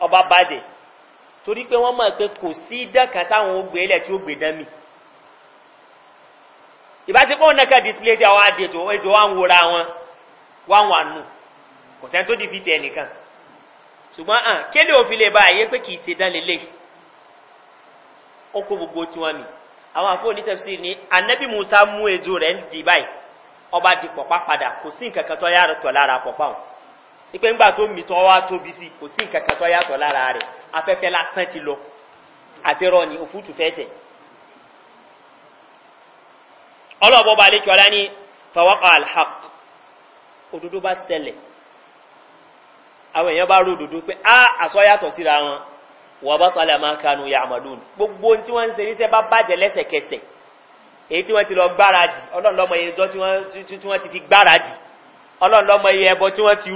ọba torí pé pé kò si táwọn tí dán mi. ìbáṣe pọ́n náà ká display tí àwọn àdètò ẹjọ́ wá ń wọn wá wà nù kò sẹ́ni tó dìbìtì ẹnìkan ṣùgbọ́n hàn kéde òfin lè ba ka pé kì í ṣe dán lélẹ̀ ó kó gbogbo tiwọn mi ni anabi musa mú ejò rẹ̀ ń di báyìí ọba di pọ̀pá padà kò sí nǹkan kan tó ipe ńgbà tó mi tọ́ wá tóbi sí kò sí nǹkan kan tó lára rẹ̀ afẹ́fẹ́ lásán ti lọ ọlọ́ọ̀bọ̀ bá lè kíọ́lá ní fàwọ́kọ̀ alhaq òdòdó bá sẹlẹ̀ àwọn èèyàn bá ròdòdó pé a àsọ́yàtọ̀ síra wọn wà bá tọ́lá máa kanu ya àmàlùn gbogbo tí wọ́n ń se níṣẹ́ bá bàjẹ́ lẹ́sẹ̀kẹsẹ̀ èyí tí wọ́n ti lọ gbáradì ọlọ́ọ̀lọ́mọ iye ẹjọ́ tí wọ́n ti fi gbáradì ọlọ́ọ̀lọ́mọ iye ẹbọ tí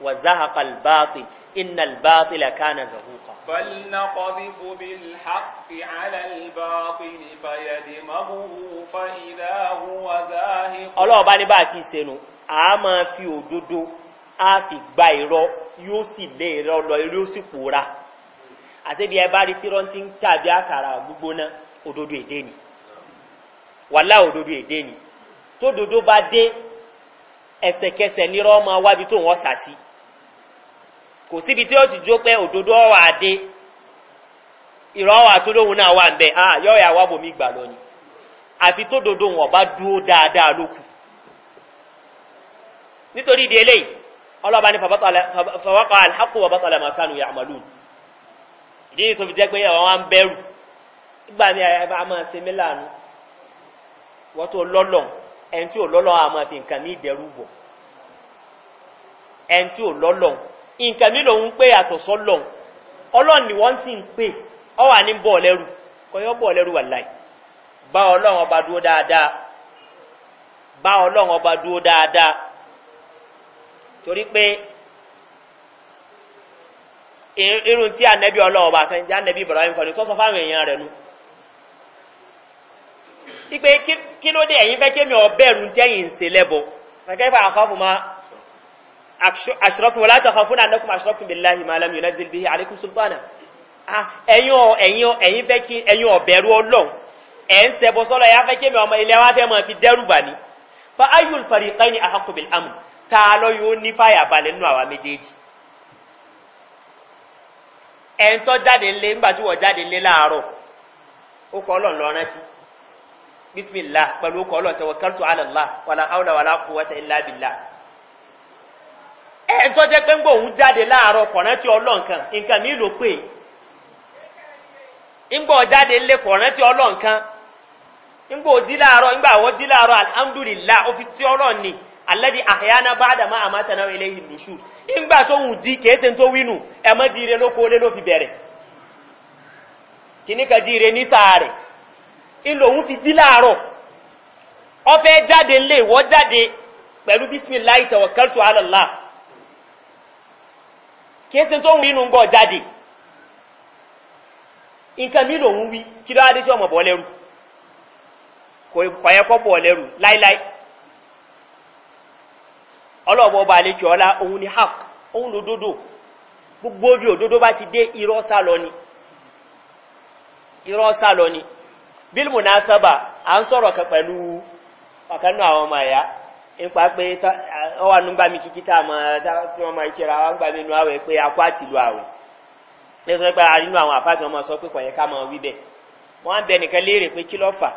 وزهق الباطل إن الباطل كان زهوقا بل نقذف بالحق على الباطل فيدمغه فإذا هو زاهق الله باني باتي سنو أما في òdodo a fi gba ìrọ yóò sì lé ìrọ lọ yóò sì pòórá àti ibi ẹbá rí tírọ́ ti ń tàbí àkàrà gbígbóná òdodo èdè ni wàhálà òdodo èdè ni tó dodo bá dé ẹsẹ̀kẹsẹ̀ nírọ́ máa wábi tó wọ́n sà sí. kò síbi tí ó ti jó pé òdodo ọwà adé ìrọ̀wà tó lóhun náà wà ń bẹ́ ah yọ́ ìyá bòmí ìgbà lọ ni àfi tó dodo wọn bá dúó dáadáa lókù nítorí ìdí eléyìí ọlọ́ba ní fàwọ́kọ̀ alhaku wà bàtàlẹ̀ yà àmàlù ìdí tó fi jẹ́ pé wa ń bẹ̀rù ìgbà a máa wọ́n tó lọ́lọ́ ẹni tí nǹkan mi lòun pé àtọ̀ sọ́lọ́n ọlọ́run ni wọ́n ti ń pè ọ wà ní bọ́ọ̀ lẹ́rù kọyọ́ lẹ́rù wà láì bá ọlọ́run ọba dúró dáadáa bá ọlọ́run ọba dúró dáadáa torí pé irun tí anẹ́bí ọlọ́run ọba àtẹ́jẹ́ anẹ́bí ibrahim kọ́ni tó fáwọn èèyàn rẹ̀ nu ipe kí ló dé ẹ̀yin fẹ́ kémi ọbẹ̀rù tẹ́yìn ń se lẹ́bọ̀ fẹ́kẹ́ bá àkọ́fù máa ashraku wala takhafuna annakum ashrakum billahi ma lam yunzil bihi alaykum sultana ah ẹyin o ẹyin o ẹyin fẹ́ kí ẹyin o bẹ̀rù Ọlọ́run ẹ ń ṣẹbọ solo ya fẹ́ kí mi ọmọ ilé wa fẹ́ mo fi dẹ́rù ni fa ayul fariqaini ahqqu bil amn ta lo yo ni fire balẹ̀ nu àwa méjèèjì en tó jáde nle ńgbà tí wo jáde nle láàárọ̀ o ko Ọlọ́run lo rántí bismillah pẹ̀lú o ko Ọlọ́run tawakkaltu ala allah wala hawla wala quwwata illa billah ẹ̀ jẹ́ pé ń gbò òun jáde láàárọ̀ kọ̀rántí ọlọ́nkan nǹkan mi ló pè ńgbò jáde lé kọ̀rántí ọlọ́nkan ńgbò dí láàárọ̀ dí láàárọ̀ tí ni alẹ́dí àhẹ́yáná bá dàmá àmátàná eléyìí nìṣú ńgbà tó wù dí kèése tó wínú ẹ̀mọ́ di ire lóko lé ló fi bẹ̀rẹ̀ ire fi pẹ̀lú bísmìláì kéèsì tó ń rí inú ń gbọ́ jáde nǹkan mí lòun wí kí ló adé sí ọmọ bọ̀ lẹ́rù kò yẹ kọ́ bọ̀ láíláí ọlọ́ọ̀bọ̀ ọba ni hap ohun ló gbogbo orí òdódó bá ti dé irọ́ lọ ni irọ́ lọ ni bílmù náà sábà à ń sọ̀rọ̀ pẹ̀lú ọ̀kanú àwọn ọmọ ẹ̀yà nípa pé ọwà nígbà mi kíkí tá tí wọ́n máa ń kíra wọ́n gbà mí nú àwẹ̀ pé akọ́ àtìlú àwẹ̀ nítorí pé nínú àwọn àfáàtì wọn máa sọ pé kọ̀yẹ́ ká máa wí bẹ́ẹ̀ wọ́n á bẹ nìkan léèrè pé kí lọ́fà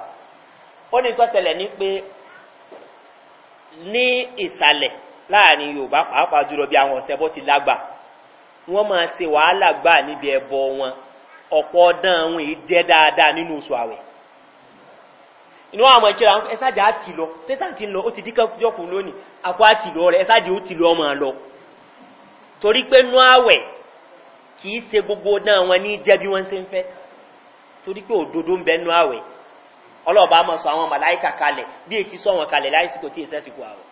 ó ní tọ́tẹ̀lẹ̀ ní pé ní ìsàlẹ̀ láàrin yorùbá pàápàá jùlọ bí àwọn ọ̀sẹ̀ bó ti lágbà wọ́n máa ṣe wàhálà gbà níbi ẹ̀bọ wọn ọ̀pọ̀ ọdán wọn èyí jẹ́ dáadáa nínú oṣù àwẹ̀ inú àwọn ìkíra ẹsájì á ti lọ sẹ́sàn ti lọ ó ti díkẹ́ yọkùn lónìí àkó á ti lọ rẹ̀ ẹsájì ó ti lọ ọmọ lọ torí pé nú àwẹ̀ kì í se gbogbo náà wọn ní jẹ́ bí wọ́n ṣe ń fẹ́ torí pé òdodo ń bẹ nú àwẹ̀ ọlọ́ọ̀bá mọ̀ sọ àwọn màláìkà kalẹ̀ bí èkì sọ kalẹ̀ láìsíkò tí ìsẹ́sìkò àwẹ̀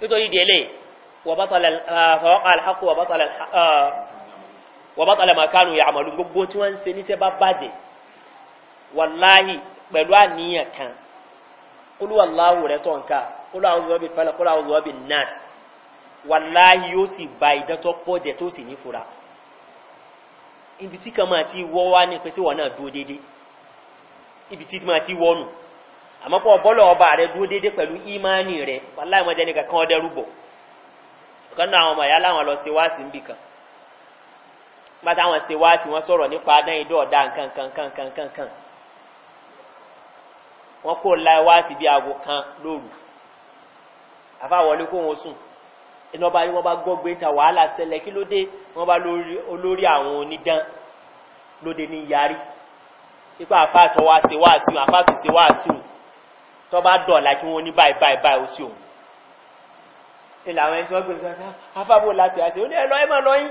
nítorí délé ah, ah, wọ́n ń se níṣẹ́ bá wàláhì pẹ̀lú àníyàn kan olúwàláwò rẹ̀ tó nǹka olúwàwòrán ìfẹ́lẹ̀ olúwàwòrán nas wàláhì yóò sì ba ìdántọ́ pọ̀jẹ̀ tó sì ní fura ibi tí kan máa ti wọ́ wá ní pé sí wọ́n náà déédé ibi tí máa ti wọ́nù àmọ́ pọ̀ bọ́lọ̀ ọba rẹ̀ dúó déédé pẹ̀lú ímánì rẹ̀ wàláhì wọn jẹ́ nìkan kan ọdẹ rúbọ̀ kan náà àwọn ọmọ láwọn lọ kan táwọn sọ̀rọ̀ nípa kan wọ́n kó láì wá sí bí aago kan lóru àfáwọlé kó wọn sùn iná bá rí wọn bá gbọ́gbé ta wàhálà sẹlẹ̀ kí ló dé wọn bá olórí àwọn onídán lóde ní yarí ipa àfáàtọ̀ wá sí wá sí àfáàtọ̀ sí wá sí tó bá dọ̀la kí wọ́n ní báyìí báyìí báyìí ó sí òun ilẹ̀ àwọn ẹni tí wọ́n gbé sọ́sọ́ afábò láti àti ó ní ẹ̀ lọ́ ẹ̀ mọ̀ lọ́yìn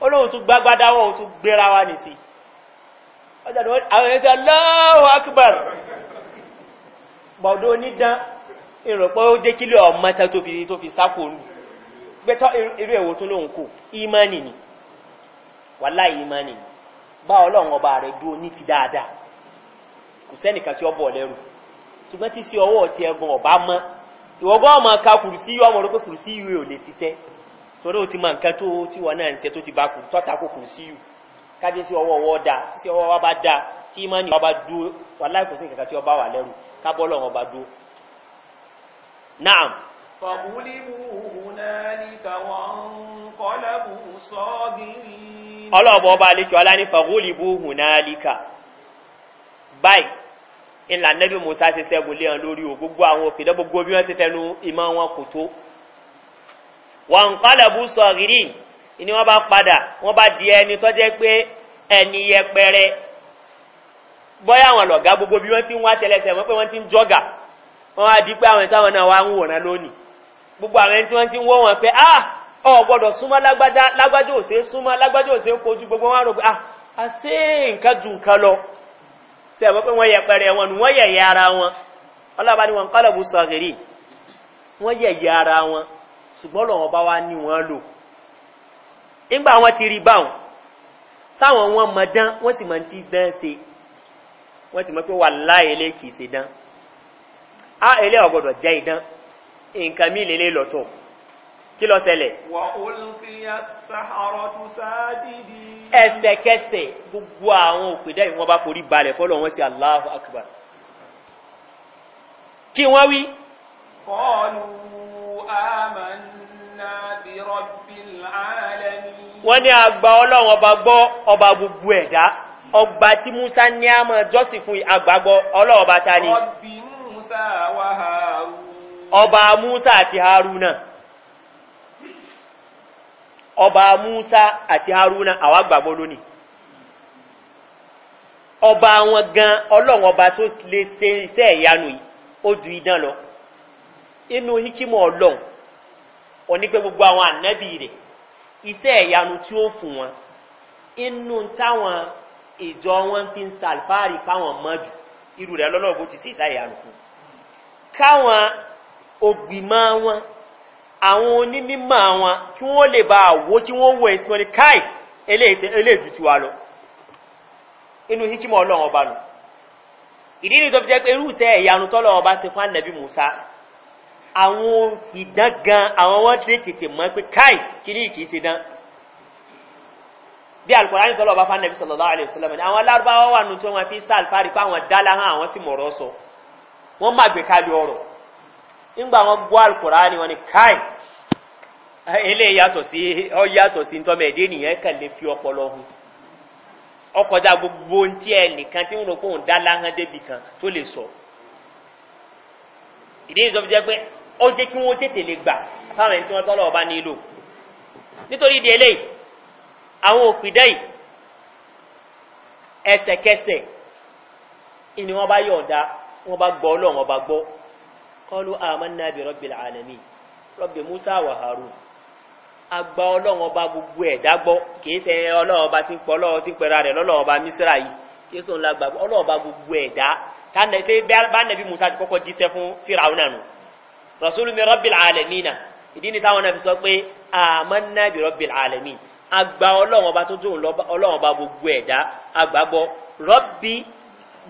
olóhùn tún gbágbádá wọn tún gbéra wa nì sí àwọn ẹ̀sẹ̀ aláwọ̀ akbar bọ̀dọ̀ onídán ìrọ̀pọ̀ ó jẹ́ kílẹ̀ ọmọta tó fi sákòrò gbẹ́tọ́ irú imani ni wàlá imani ni bá ọlọ́run ọba rẹ̀ dúó ní ti dáadáa kò sẹ́nìkan tí ó bọ̀ lẹ́rù ṣùgbọ́n tí sí ọwọ́ ti ẹgbọn ọba mọ́ ìwọ̀gọ́ ọmọ ká kùrù sí ọmọ rẹ̀ kùrù sí ìwé lè ṣiṣẹ́ torí o ti máa nǹkan tó tí wọn náà ń ṣe tó ti bá kù tọ́ta kò kù sí yù kábíyèsí ọwọ́ ọwọ́ da títí ọwọ́ wa bá da tí ìmọ̀ ni ọba dúró wà láìpẹ́ sí nǹkan tí ọba wà lẹ́rù kábọ́ lọ́wọ́ ọba dúró. naam. fàmúlìmù hunalika wọn kọlẹ́bù sọ́ọ̀gìrì. ọlọ́ọ̀bọ̀ ọba àlejò aláni fàmúlìmù báyìí ńlá nẹ́bí musa ṣe ṣẹ́gun léèyàn lórí o gbogbo àwọn òfin lọ́ gbogbo bí wọ́n ṣe fẹ́nu ìmọ̀ wọn kò tó wọn kọ́lẹ̀bù sọ̀rìrì ni wọ́n bá padà wọ́n bá di ẹni tó jẹ́ pé ẹni yẹpẹrẹ bọ́yá àwọn lọ̀gá gbogbo bí wọ́n ti ń wá tẹ́lẹsẹ̀ wọ́n pé wọ́n ti ń jọ́gà wọ́n pé àwọn náà wá ń lónìí gbogbo àwọn tí wọ́n ti ń wọn pé ah ọ̀ gbọ́dọ̀ súnmọ́ lágbájá gbogbo wọn ah, wọn ṣùgbọ́n lọ́wọ́ bá wá ní wọ́n lò nígbà wọn ti rí báwọn táwọn wọn mọ dán wọ́n sì mọ ti dán ṣe wọ́n ti mọ pé wà láyé lé kìí ṣe dán á ilé ọ̀gbọ̀dọ̀ jẹ́ ìdán nǹkan mí lè lè lọ́tọ̀ kí lọ sẹlẹ̀ ẹsẹ̀kẹsẹ̀ gbogbo àwọn òpèdá ìwọ́n bá forí balẹ̀ fọ́lọ̀ wọ́n sí aláhùn akùbà kí wọ́n wí kọ́ọ̀lù wọ́n ní àgbà ọlọ́run ọba gbọ́ ọba gbogbo ẹ̀dá ọgbà tí musa ní a mọ̀ jọ́sì fún àgbàgbọ́ ọlọ́run ọba ta ni ọba musa àti haruna ọba musa àti haruna àwọn àgbàgbọ́ lónìí ọba wọn gan ọlọ́run ọba tó lè ṣe iṣẹ́ ìyanu yìí idán lọ inú hikimọ̀ ọlọ́run onígbé gbogbo àwọn ànábì rẹ̀ iṣẹ́ ìyanu tí ó fún wọn inú táwọn ìjọ wọn fi ń sàlfàárì káwọn mọ́jú irú rẹ̀ lọ́nà bó ti ṣe iṣẹ́ ìyanu fún káwọn ògbìmọ̀ wọn àwọn onímọ̀ wọn kí wọ́n lè bá àwò kí wọ́n wọ ẹ̀sìn wọn ni káì eléèdú ti wà lọ inú hikimọ̀ ọlọ́run ọba nù ìdí ni tó fi jẹ́ pé irú iṣẹ́ ìyanu tọ́lọ́run ọba ṣe fún ànàbí musa àwọn ìdán gan àwọn wọ́n lè tètè mọ́ pé káì kí ní ìkìí se dán bí alkùnrin tọ́lọ̀ bá fánàbí sọ̀lọ̀lá alẹ́sọ̀lọ́mọ̀ ni àwọn alárúbáwọ́ wà nù tí wọ́n fi sàlfàrí pa àwọn dálá hàn àwọn sì mọ̀rọ̀ sọ wọ́n má gbé kalẹ̀ ọ̀rọ̀ nígbà wọn gbọ́ alkùnrin wọn ni káì ilé yàtọ̀ sí ọ yàtọ̀ sí ntọ́mọ̀ ẹ̀dẹ́ nìyẹn kàn lè fi ọpọlọ hun ọkọjá gbogbo ohun tí ẹnìkan tí wọn rò pé òun dálá débì kan tó lè sọ̀rọ̀ ìdí ìjọba jẹ́ pé ó jẹ́ kí wọ́n tètè lè gbà fáwọn ẹni tí wọ́n tọ́lọ̀ ọba nílò nítorí ìdí eléyìí àwọn òpìdá yìí ẹsẹ̀kẹsẹ̀ ìní wọ́n bá yọ̀ọ̀dá wọ́n bá gbọ́ ọlọ́run bá gbọ́ kọlu amanna bi alẹ́mí rọ́bì musa wàhálù agba ọlọ́run ọba gbogbo ẹ̀dá gbọ́ kìí ṣe ọlọ́run ọba tí ń pọ̀ ọlọ́run tí pẹ̀ra rẹ̀ lọ́lọ́run ọba mísírà yìí yéṣu ńlá gbàgbọ́ ọlọ́ọ̀bá gbogbo ẹ̀dá ṣé bá nàbí musa ti kọ́kọ́ jíṣẹ́ fún firaun nù rasulu mi rọ́bìl alẹ́mínà ìdí ni táwọn náà fi sọ pé àmọ́ náà bí rọ́bìl alẹ́mín àgbà ọlọ́ọ̀bá tó dùn ọlọ́ọ̀bá gbogbo ẹ̀dá àgbàgbọ́ rọ́bì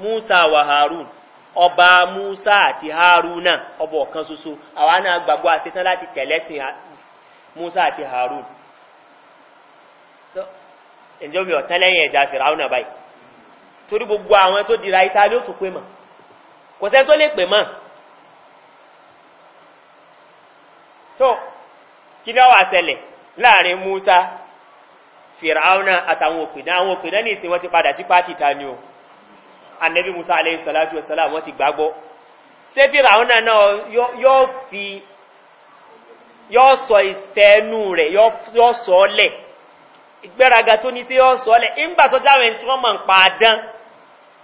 musa wa harun ọba musa àti haruna ọba ọ̀kan ṣoṣo àwa náà gbàgbọ́ àṣetán láti tẹ̀lẹ́sìn musa àti harun ǹjẹ́ omi ọ̀tán ẹ̀dá fìràwọ̀n báyìí torí gbogbo àwọn tó dìra ìta ló tún pé mọ̀ kò sẹ́ tó lè pè mọ̀ tó kí ọwà láàrin musa fìràúnà àtàwọn òpìdá àwọn òpìdá ní ìsìn wọ́n ti padà sí pátì ta o annabi musa alayhi salatu wasalam wọ́n ti gbàgbọ́ ṣé fìràúnà náà yóò fi yóò sọ ìfẹ́nú rẹ̀ yóò sọ ọ́lẹ̀ ìgbéraga tó ní sí yóò ìgbà tó tí wọ́n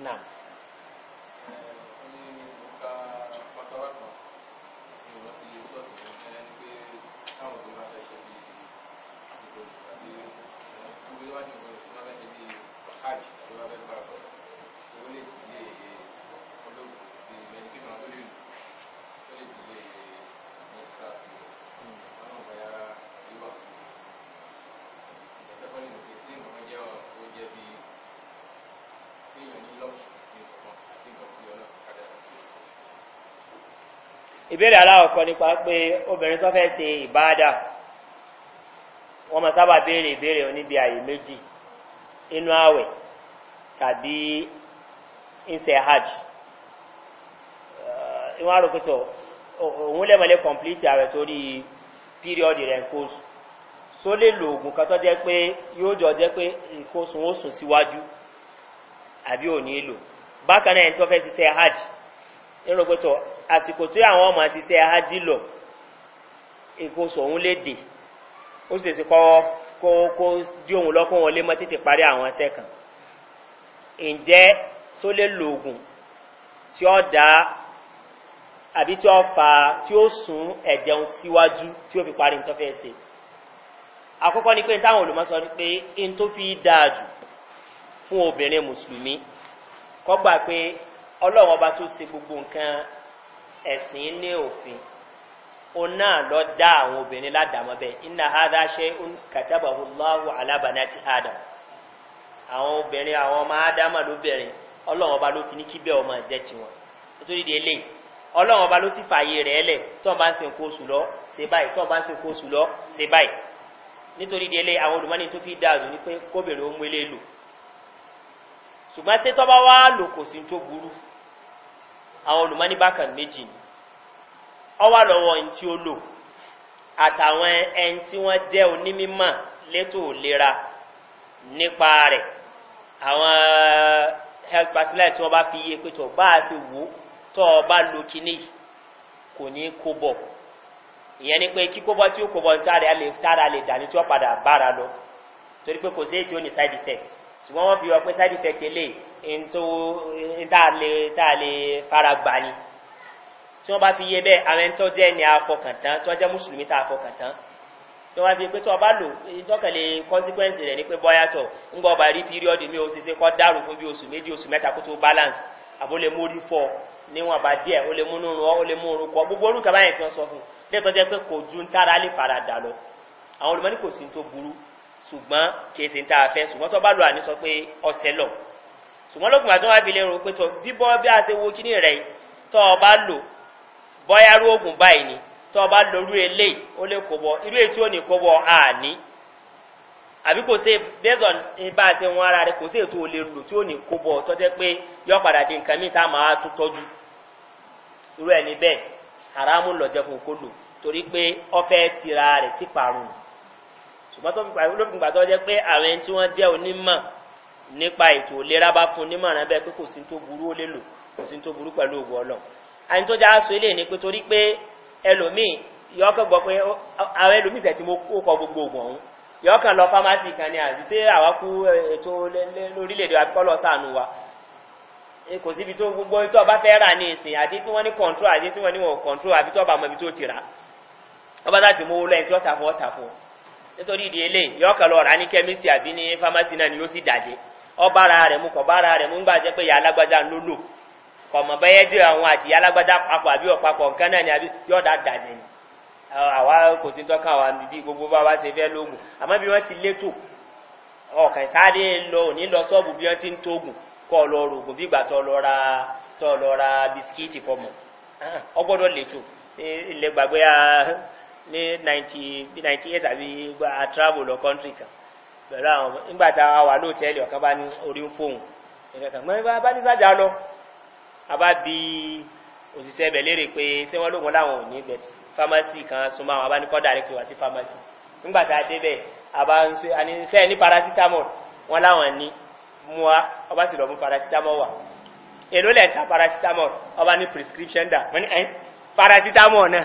enam ìbéèrè aláwọ̀kọ́ nípa pé obìnrin tó fẹ́ ṣe ìbáadà wọ́n ma sábà béèrè ìbéèrè oníbi àyè méjì inú àwẹ̀ tàbí ìṣẹ̀ hajj ìwọ́n àròkútọ̀ òun lẹ́mọ̀lẹ́ kọ̀mplíìtì àwẹ̀ torí píríọ̀dì rẹ̀ nkóòsù só lè lo oògùn kan tó jẹ́ pé yóò jọ jẹ́ pé ó sùn síwájú àbí ò ní lò bákan náà ẹni tó fẹ́ ṣiṣẹ́ hajj àsìkò tí àwọn ọmọ àṣìṣẹ́ ajì lọ èkó sòun lè dè ó sì ti kọ́ kó kó dí òun lọ́kùn wọn lé mọ́ títí parí àwọn ẹsẹ̀ kan ǹjẹ́ tó lè lo tí ó dá àbí tí ó fa tí ó sún ẹ̀jẹun síwájú tí ó fi parí nítorí fẹ́ ṣe àkọ́kọ́ ni pé táwọn olùmọ́sọ ni pé in tó fi dáa fún obìnrin mùsùlùmí kọ́gbà pé ọlọ́run ọba tó se gbogbo nǹkan ẹ̀sìn ní òfin òun náà lọ dá àwọn obìnrin ládàmọ́ bẹ́ẹ̀ iná hádá ṣe ń kàtàbà láwù alábàáná ti adam àwọn obìnrin àwọn ọmọ ádámà lóbìnrin ọlọ́run ọba ló ti ní kí bẹ́ẹ̀ ọmọ ẹ̀jẹ̀ tiwọn nítorí di eléyìí ọlọ́run ló sì fààyè rẹ̀ ẹlẹ̀ tó bá ń sin kó oṣù lọ ṣe báyìí tó bá ń sin kó oṣù lọ ṣe báyìí nítorí di eléyìí àwọn olùmọ́ni tó fi dáàdù ní pé kóbìnrin ó mú ilé lò ṣùgbọ́n ṣé tọ́ bá wá lò tó burú àwọn olùmọ́ní bákan méjì ni ọwà lọ́wọ́ ẹni tí ó lò àtàwọn ẹni tí wọ́n jẹ́ onímọ̀ létò ìlera nípa rẹ̀ àwọn eh, health personnel tí wọ́n bá fi yé pé tó bá a ṣe wò tó o bá lo kíní kò ní kó bọ̀ ìyẹn ni pé kíkó bọ́ tí ó kó bọ́ tára lè dà tí wọ́n padà bára lọ torí pé kò sí èyí tí ó ní side effect ṣùgbọ́n wọ́n fi wọ́n pé side effect eléyìí ìtàlẹ̀ faragbà ni tí wọ́n bá fi yé bẹ́ẹ̀ àwọn tó jẹ́ ní akọkàntán tó jẹ́ mùsùlùmí tá akọkàntán tí wọ́n fi pé tí wọ́n bá lò ìtọ́kẹ̀lẹ̀ consequence rẹ̀ ní pé bọ́yàtọ̀ ń gbọ́ bá rí period mi ó ṣeṣe kọ́ dárò fún bí oṣù méjì oṣù mẹ́ta kó tó balance àbó lè mú orí fọ́ níwọ̀n bá díẹ̀ ó lè mú nínú ó lè mú orúkọ gbogbo orúkọ báyẹn tí wọ́n sọ fún lẹ́tọ́ jẹ́ pé kò ju ń tára lè fara dà lọ àwọn olùmọ́ni kò sí tó burú ṣùgbọ́n kì í ń tá a fẹ́ ṣùgbọ́n tó bá lò àní sọ pé ọ̀sẹ̀ lọ ṣùgbọ́n lókùn àti wọn abilé rò pé tọ bíbọ́ bí a ṣe wo kíní rẹ̀ tọ́ ọ bá lò bọ́yá rú oògùn báyìí ni tọ́ ọ bá lò rú eléyìí ó lè kó bọ́ irú èyí tí ó ní kó àní àbí kò sí bẹ́sọ̀ bá a wọn ara rẹ̀ kò sí ètò olè lò tí ó ní kó tọ́ jẹ́ pé yọ padà di nǹkan míì máa tún tọ́jú irú ẹni bẹ́ẹ̀ haramu lọ jẹ́ fún kólò torí pé ọfẹ́ tira rẹ̀ sí parun ṣùgbọ́n tó fi pàtó jẹ́ pé àwọn ẹni nípa ètò ìlera bá fún onímọ̀ràn bẹ́ẹ̀ pé kò sí tó burú ó lè lò kò sí tó burú pẹ̀lú ògùn ọlọ́ àyìn tó já aṣọ ilé ni pé torí pé ẹlòmíì yọkàn gbọ́ pé àwọn ẹlòmíì sẹ̀ tí mo kọ gbogbo ògùn ọ̀hún yọkàn lọ fámásì kan ní àbí pé àwa kú ètò lórílẹ̀‐èdè sànù wa kò síbi tó gbogbo tó ọba fẹ́ rà ní ọba ibi tó ti rà ọba láti mú owó lẹ́yìn tí wọ́n tà fún tà fún nítorí ìdí eléyìí ni ọbára rẹ̀ mú kọ̀bára rẹ̀ mú ń gbà jẹ́ pé ìyá alágbádá ló lò kọ̀mọ̀ bẹ́yẹ́ jẹ́ àwọn àti ìyá alágbádá papọ̀ àbí ọ̀papọ̀ nǹkan náà ni àbí yọ̀dá dàjẹ́ ni àwa kò sí tọ́ka wa gbogbo bá wa ṣe fẹ́ lóògùn àmọ́ bí wọ́n ti létò ọ̀kàn sáré lọ òní lọ sọ́ọ̀bù bí wọ́n ti ń tóògùn kọ́ lọ rògùn bí ìgbà tọ́ lọ ra bisikíìtì fọmọ ah, ọgbọ́dọ̀ létò ní ah, a travel lọ kan pẹ̀lú àwọn ọmọ nígbàtà wà lóòtẹ́lì ọ̀kan bá ní orí ń fóun ìrẹ̀kàn mọ́ ibá bá ní sájà lọ abá bí òṣìṣẹ́ ẹbẹ̀ lérè pé tí wọ́n lóògùn láwọn òní bẹ̀ fámásì kan súnmọ́ àwọn abá ní kọ́ dàrẹ́kì wá sí fámásì nígbàtà débẹ̀ abá ń ṣe àníṣẹ́ ní parasitamọ́ wọn láwọn ní mú wa ọba sì lọ mú parasitamọ́ wà èló lẹ́ta parasitamọ́ ọba ní prescription dà wọ́n ní parasitamọ́ náà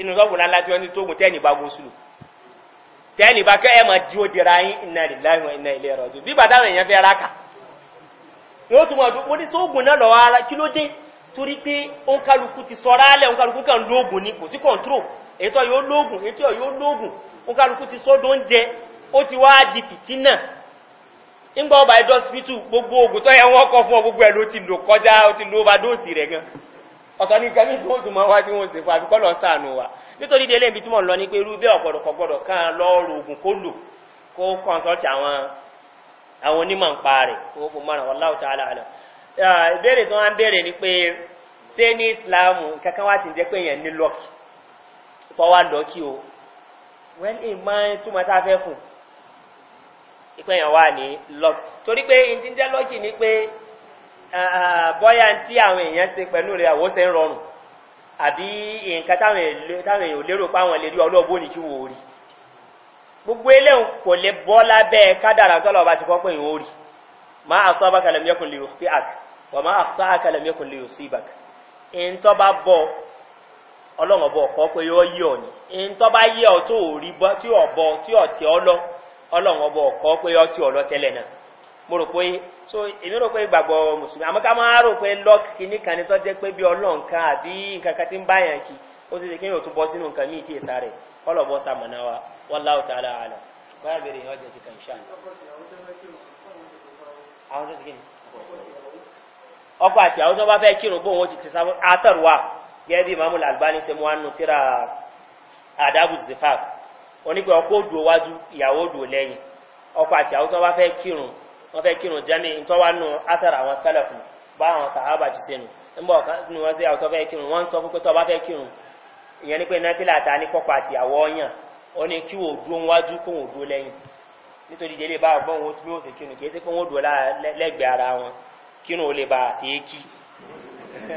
inú sọ́ọ̀bù na tí wọ́n ti tóògùn tẹ́ẹ̀nì bá gosùlù tẹ́ẹ̀nì bá kẹ́ ẹ̀ mọ̀ jí ó dira yín iná lè láwọn iná ilé ẹ̀rọ tó bí bàtà fẹ́ ra kà ara kí ló dé torí pé ti sọ rálẹ̀ òǹkàlùkù kan lóògùn ni kò sí kọ̀ǹtró ètò yóò lóògùn ètò yóò lóògùn ti sọ ó ti wá di ọba gbogbo ògùn tó yẹ wọ́n kọ́ fún ọ gbogbo ẹ̀ ló ti lò kọjá ó ti lo rẹ̀ ọ̀tọ̀ ní nǹkan méjì wọ́n tún mọ́ wá tí wọ́n sì fún àbíkọ́ lọ sáànù wa nítorí délé lọ ní pé irú bẹ́ẹ̀ ọ̀gbọ̀dọ̀ kan lọ́ọ̀rọ̀ kó lò kó consult àwọn onímọ̀ ń pa rẹ̀ kó fún mọ́ràn wọn láwùjọ aláàlọ́ ìbéèrè tí ni pé ṣé ní o wẹ́n ní túmọ̀ tá a fẹ́ fún ìpẹ́yàn wà ní lọ́ọ̀kì torí pé Ah, bọ́yá tí àwọn èèyàn se pẹ̀lú rẹ̀ àwọ́ se ń rọrùn àbí nǹkan táwọn èèyàn lérò páwọn lè rí ọlọ́ọ̀bó ní kí wò gbogbo eléhùn kò lè bọ́ lábẹ́ kádàrà tọ́lọ̀ ti kọ́ pé ma a sọ bákalẹ̀ mẹ́kùn lè fi ma a sọ lè sí bàk bọ̀ mo rò pé so èmi rò pé ìgbàgbọ́ mùsùlùmí àmọ́ ká máa rò pé lọ́ọ̀kì kìíní kan ní tó jẹ́ pé bí ọlọ́run kan àbí nǹkan kan ti ń báyàn kí ó sì ṣe kí yóò tún bọ́ sínú nǹkan míì tí èsà rẹ̀ kọ́lọ̀ bọ́ sàmọ̀nà wa wọ́n láwọ̀ tá a lára àlọ́ báyà bèrè ìyẹn ọjà ti kàn ni ọkọ àti ọkọ ìyàwó lẹ́yìn àti wọ́n fẹ́ kírun jami tó wá nù átàrà àwọn sálẹ̀kù bá àwọn sàhábà ti sẹ́nu nígbà ọ̀kan ni wọ́n sí àwùtọ́ fẹ́ kírun wọ́n sọ fún pé tó bá fẹ́ kírun ni pé nápìlà ta ní pọ́pọ̀ àti àwọ̀ ọ̀yàn ó ní kí wò dúró wájú kó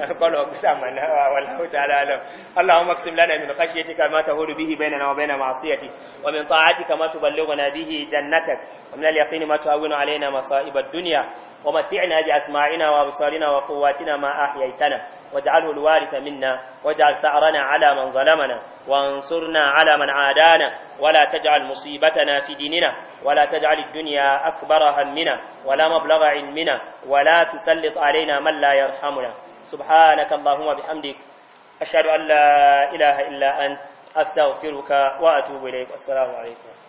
(laughs) قالوا أقسام والله تعالى أعلم اللهم اقسم لنا من خشيتك ما تهول به بيننا وبين معصيتك ومن طاعتك ما تبلغنا به جنتك ومن اليقين ما تهون علينا مصائب الدنيا ومتعنا بأسماعنا وأبصارنا وقواتنا ما أحييتنا واجعله الوارث منا واجعل ثأرنا على من ظلمنا وانصرنا على من عادانا ولا تجعل مصيبتنا في ديننا ولا تجعل الدنيا أكبر همنا ولا مبلغ علمنا ولا تسلط علينا من لا يرحمنا سبحانك اللهم بحمدك أشهد أن لا إله إلا أنت أستغفرك وأتوب إليك والسلام عليكم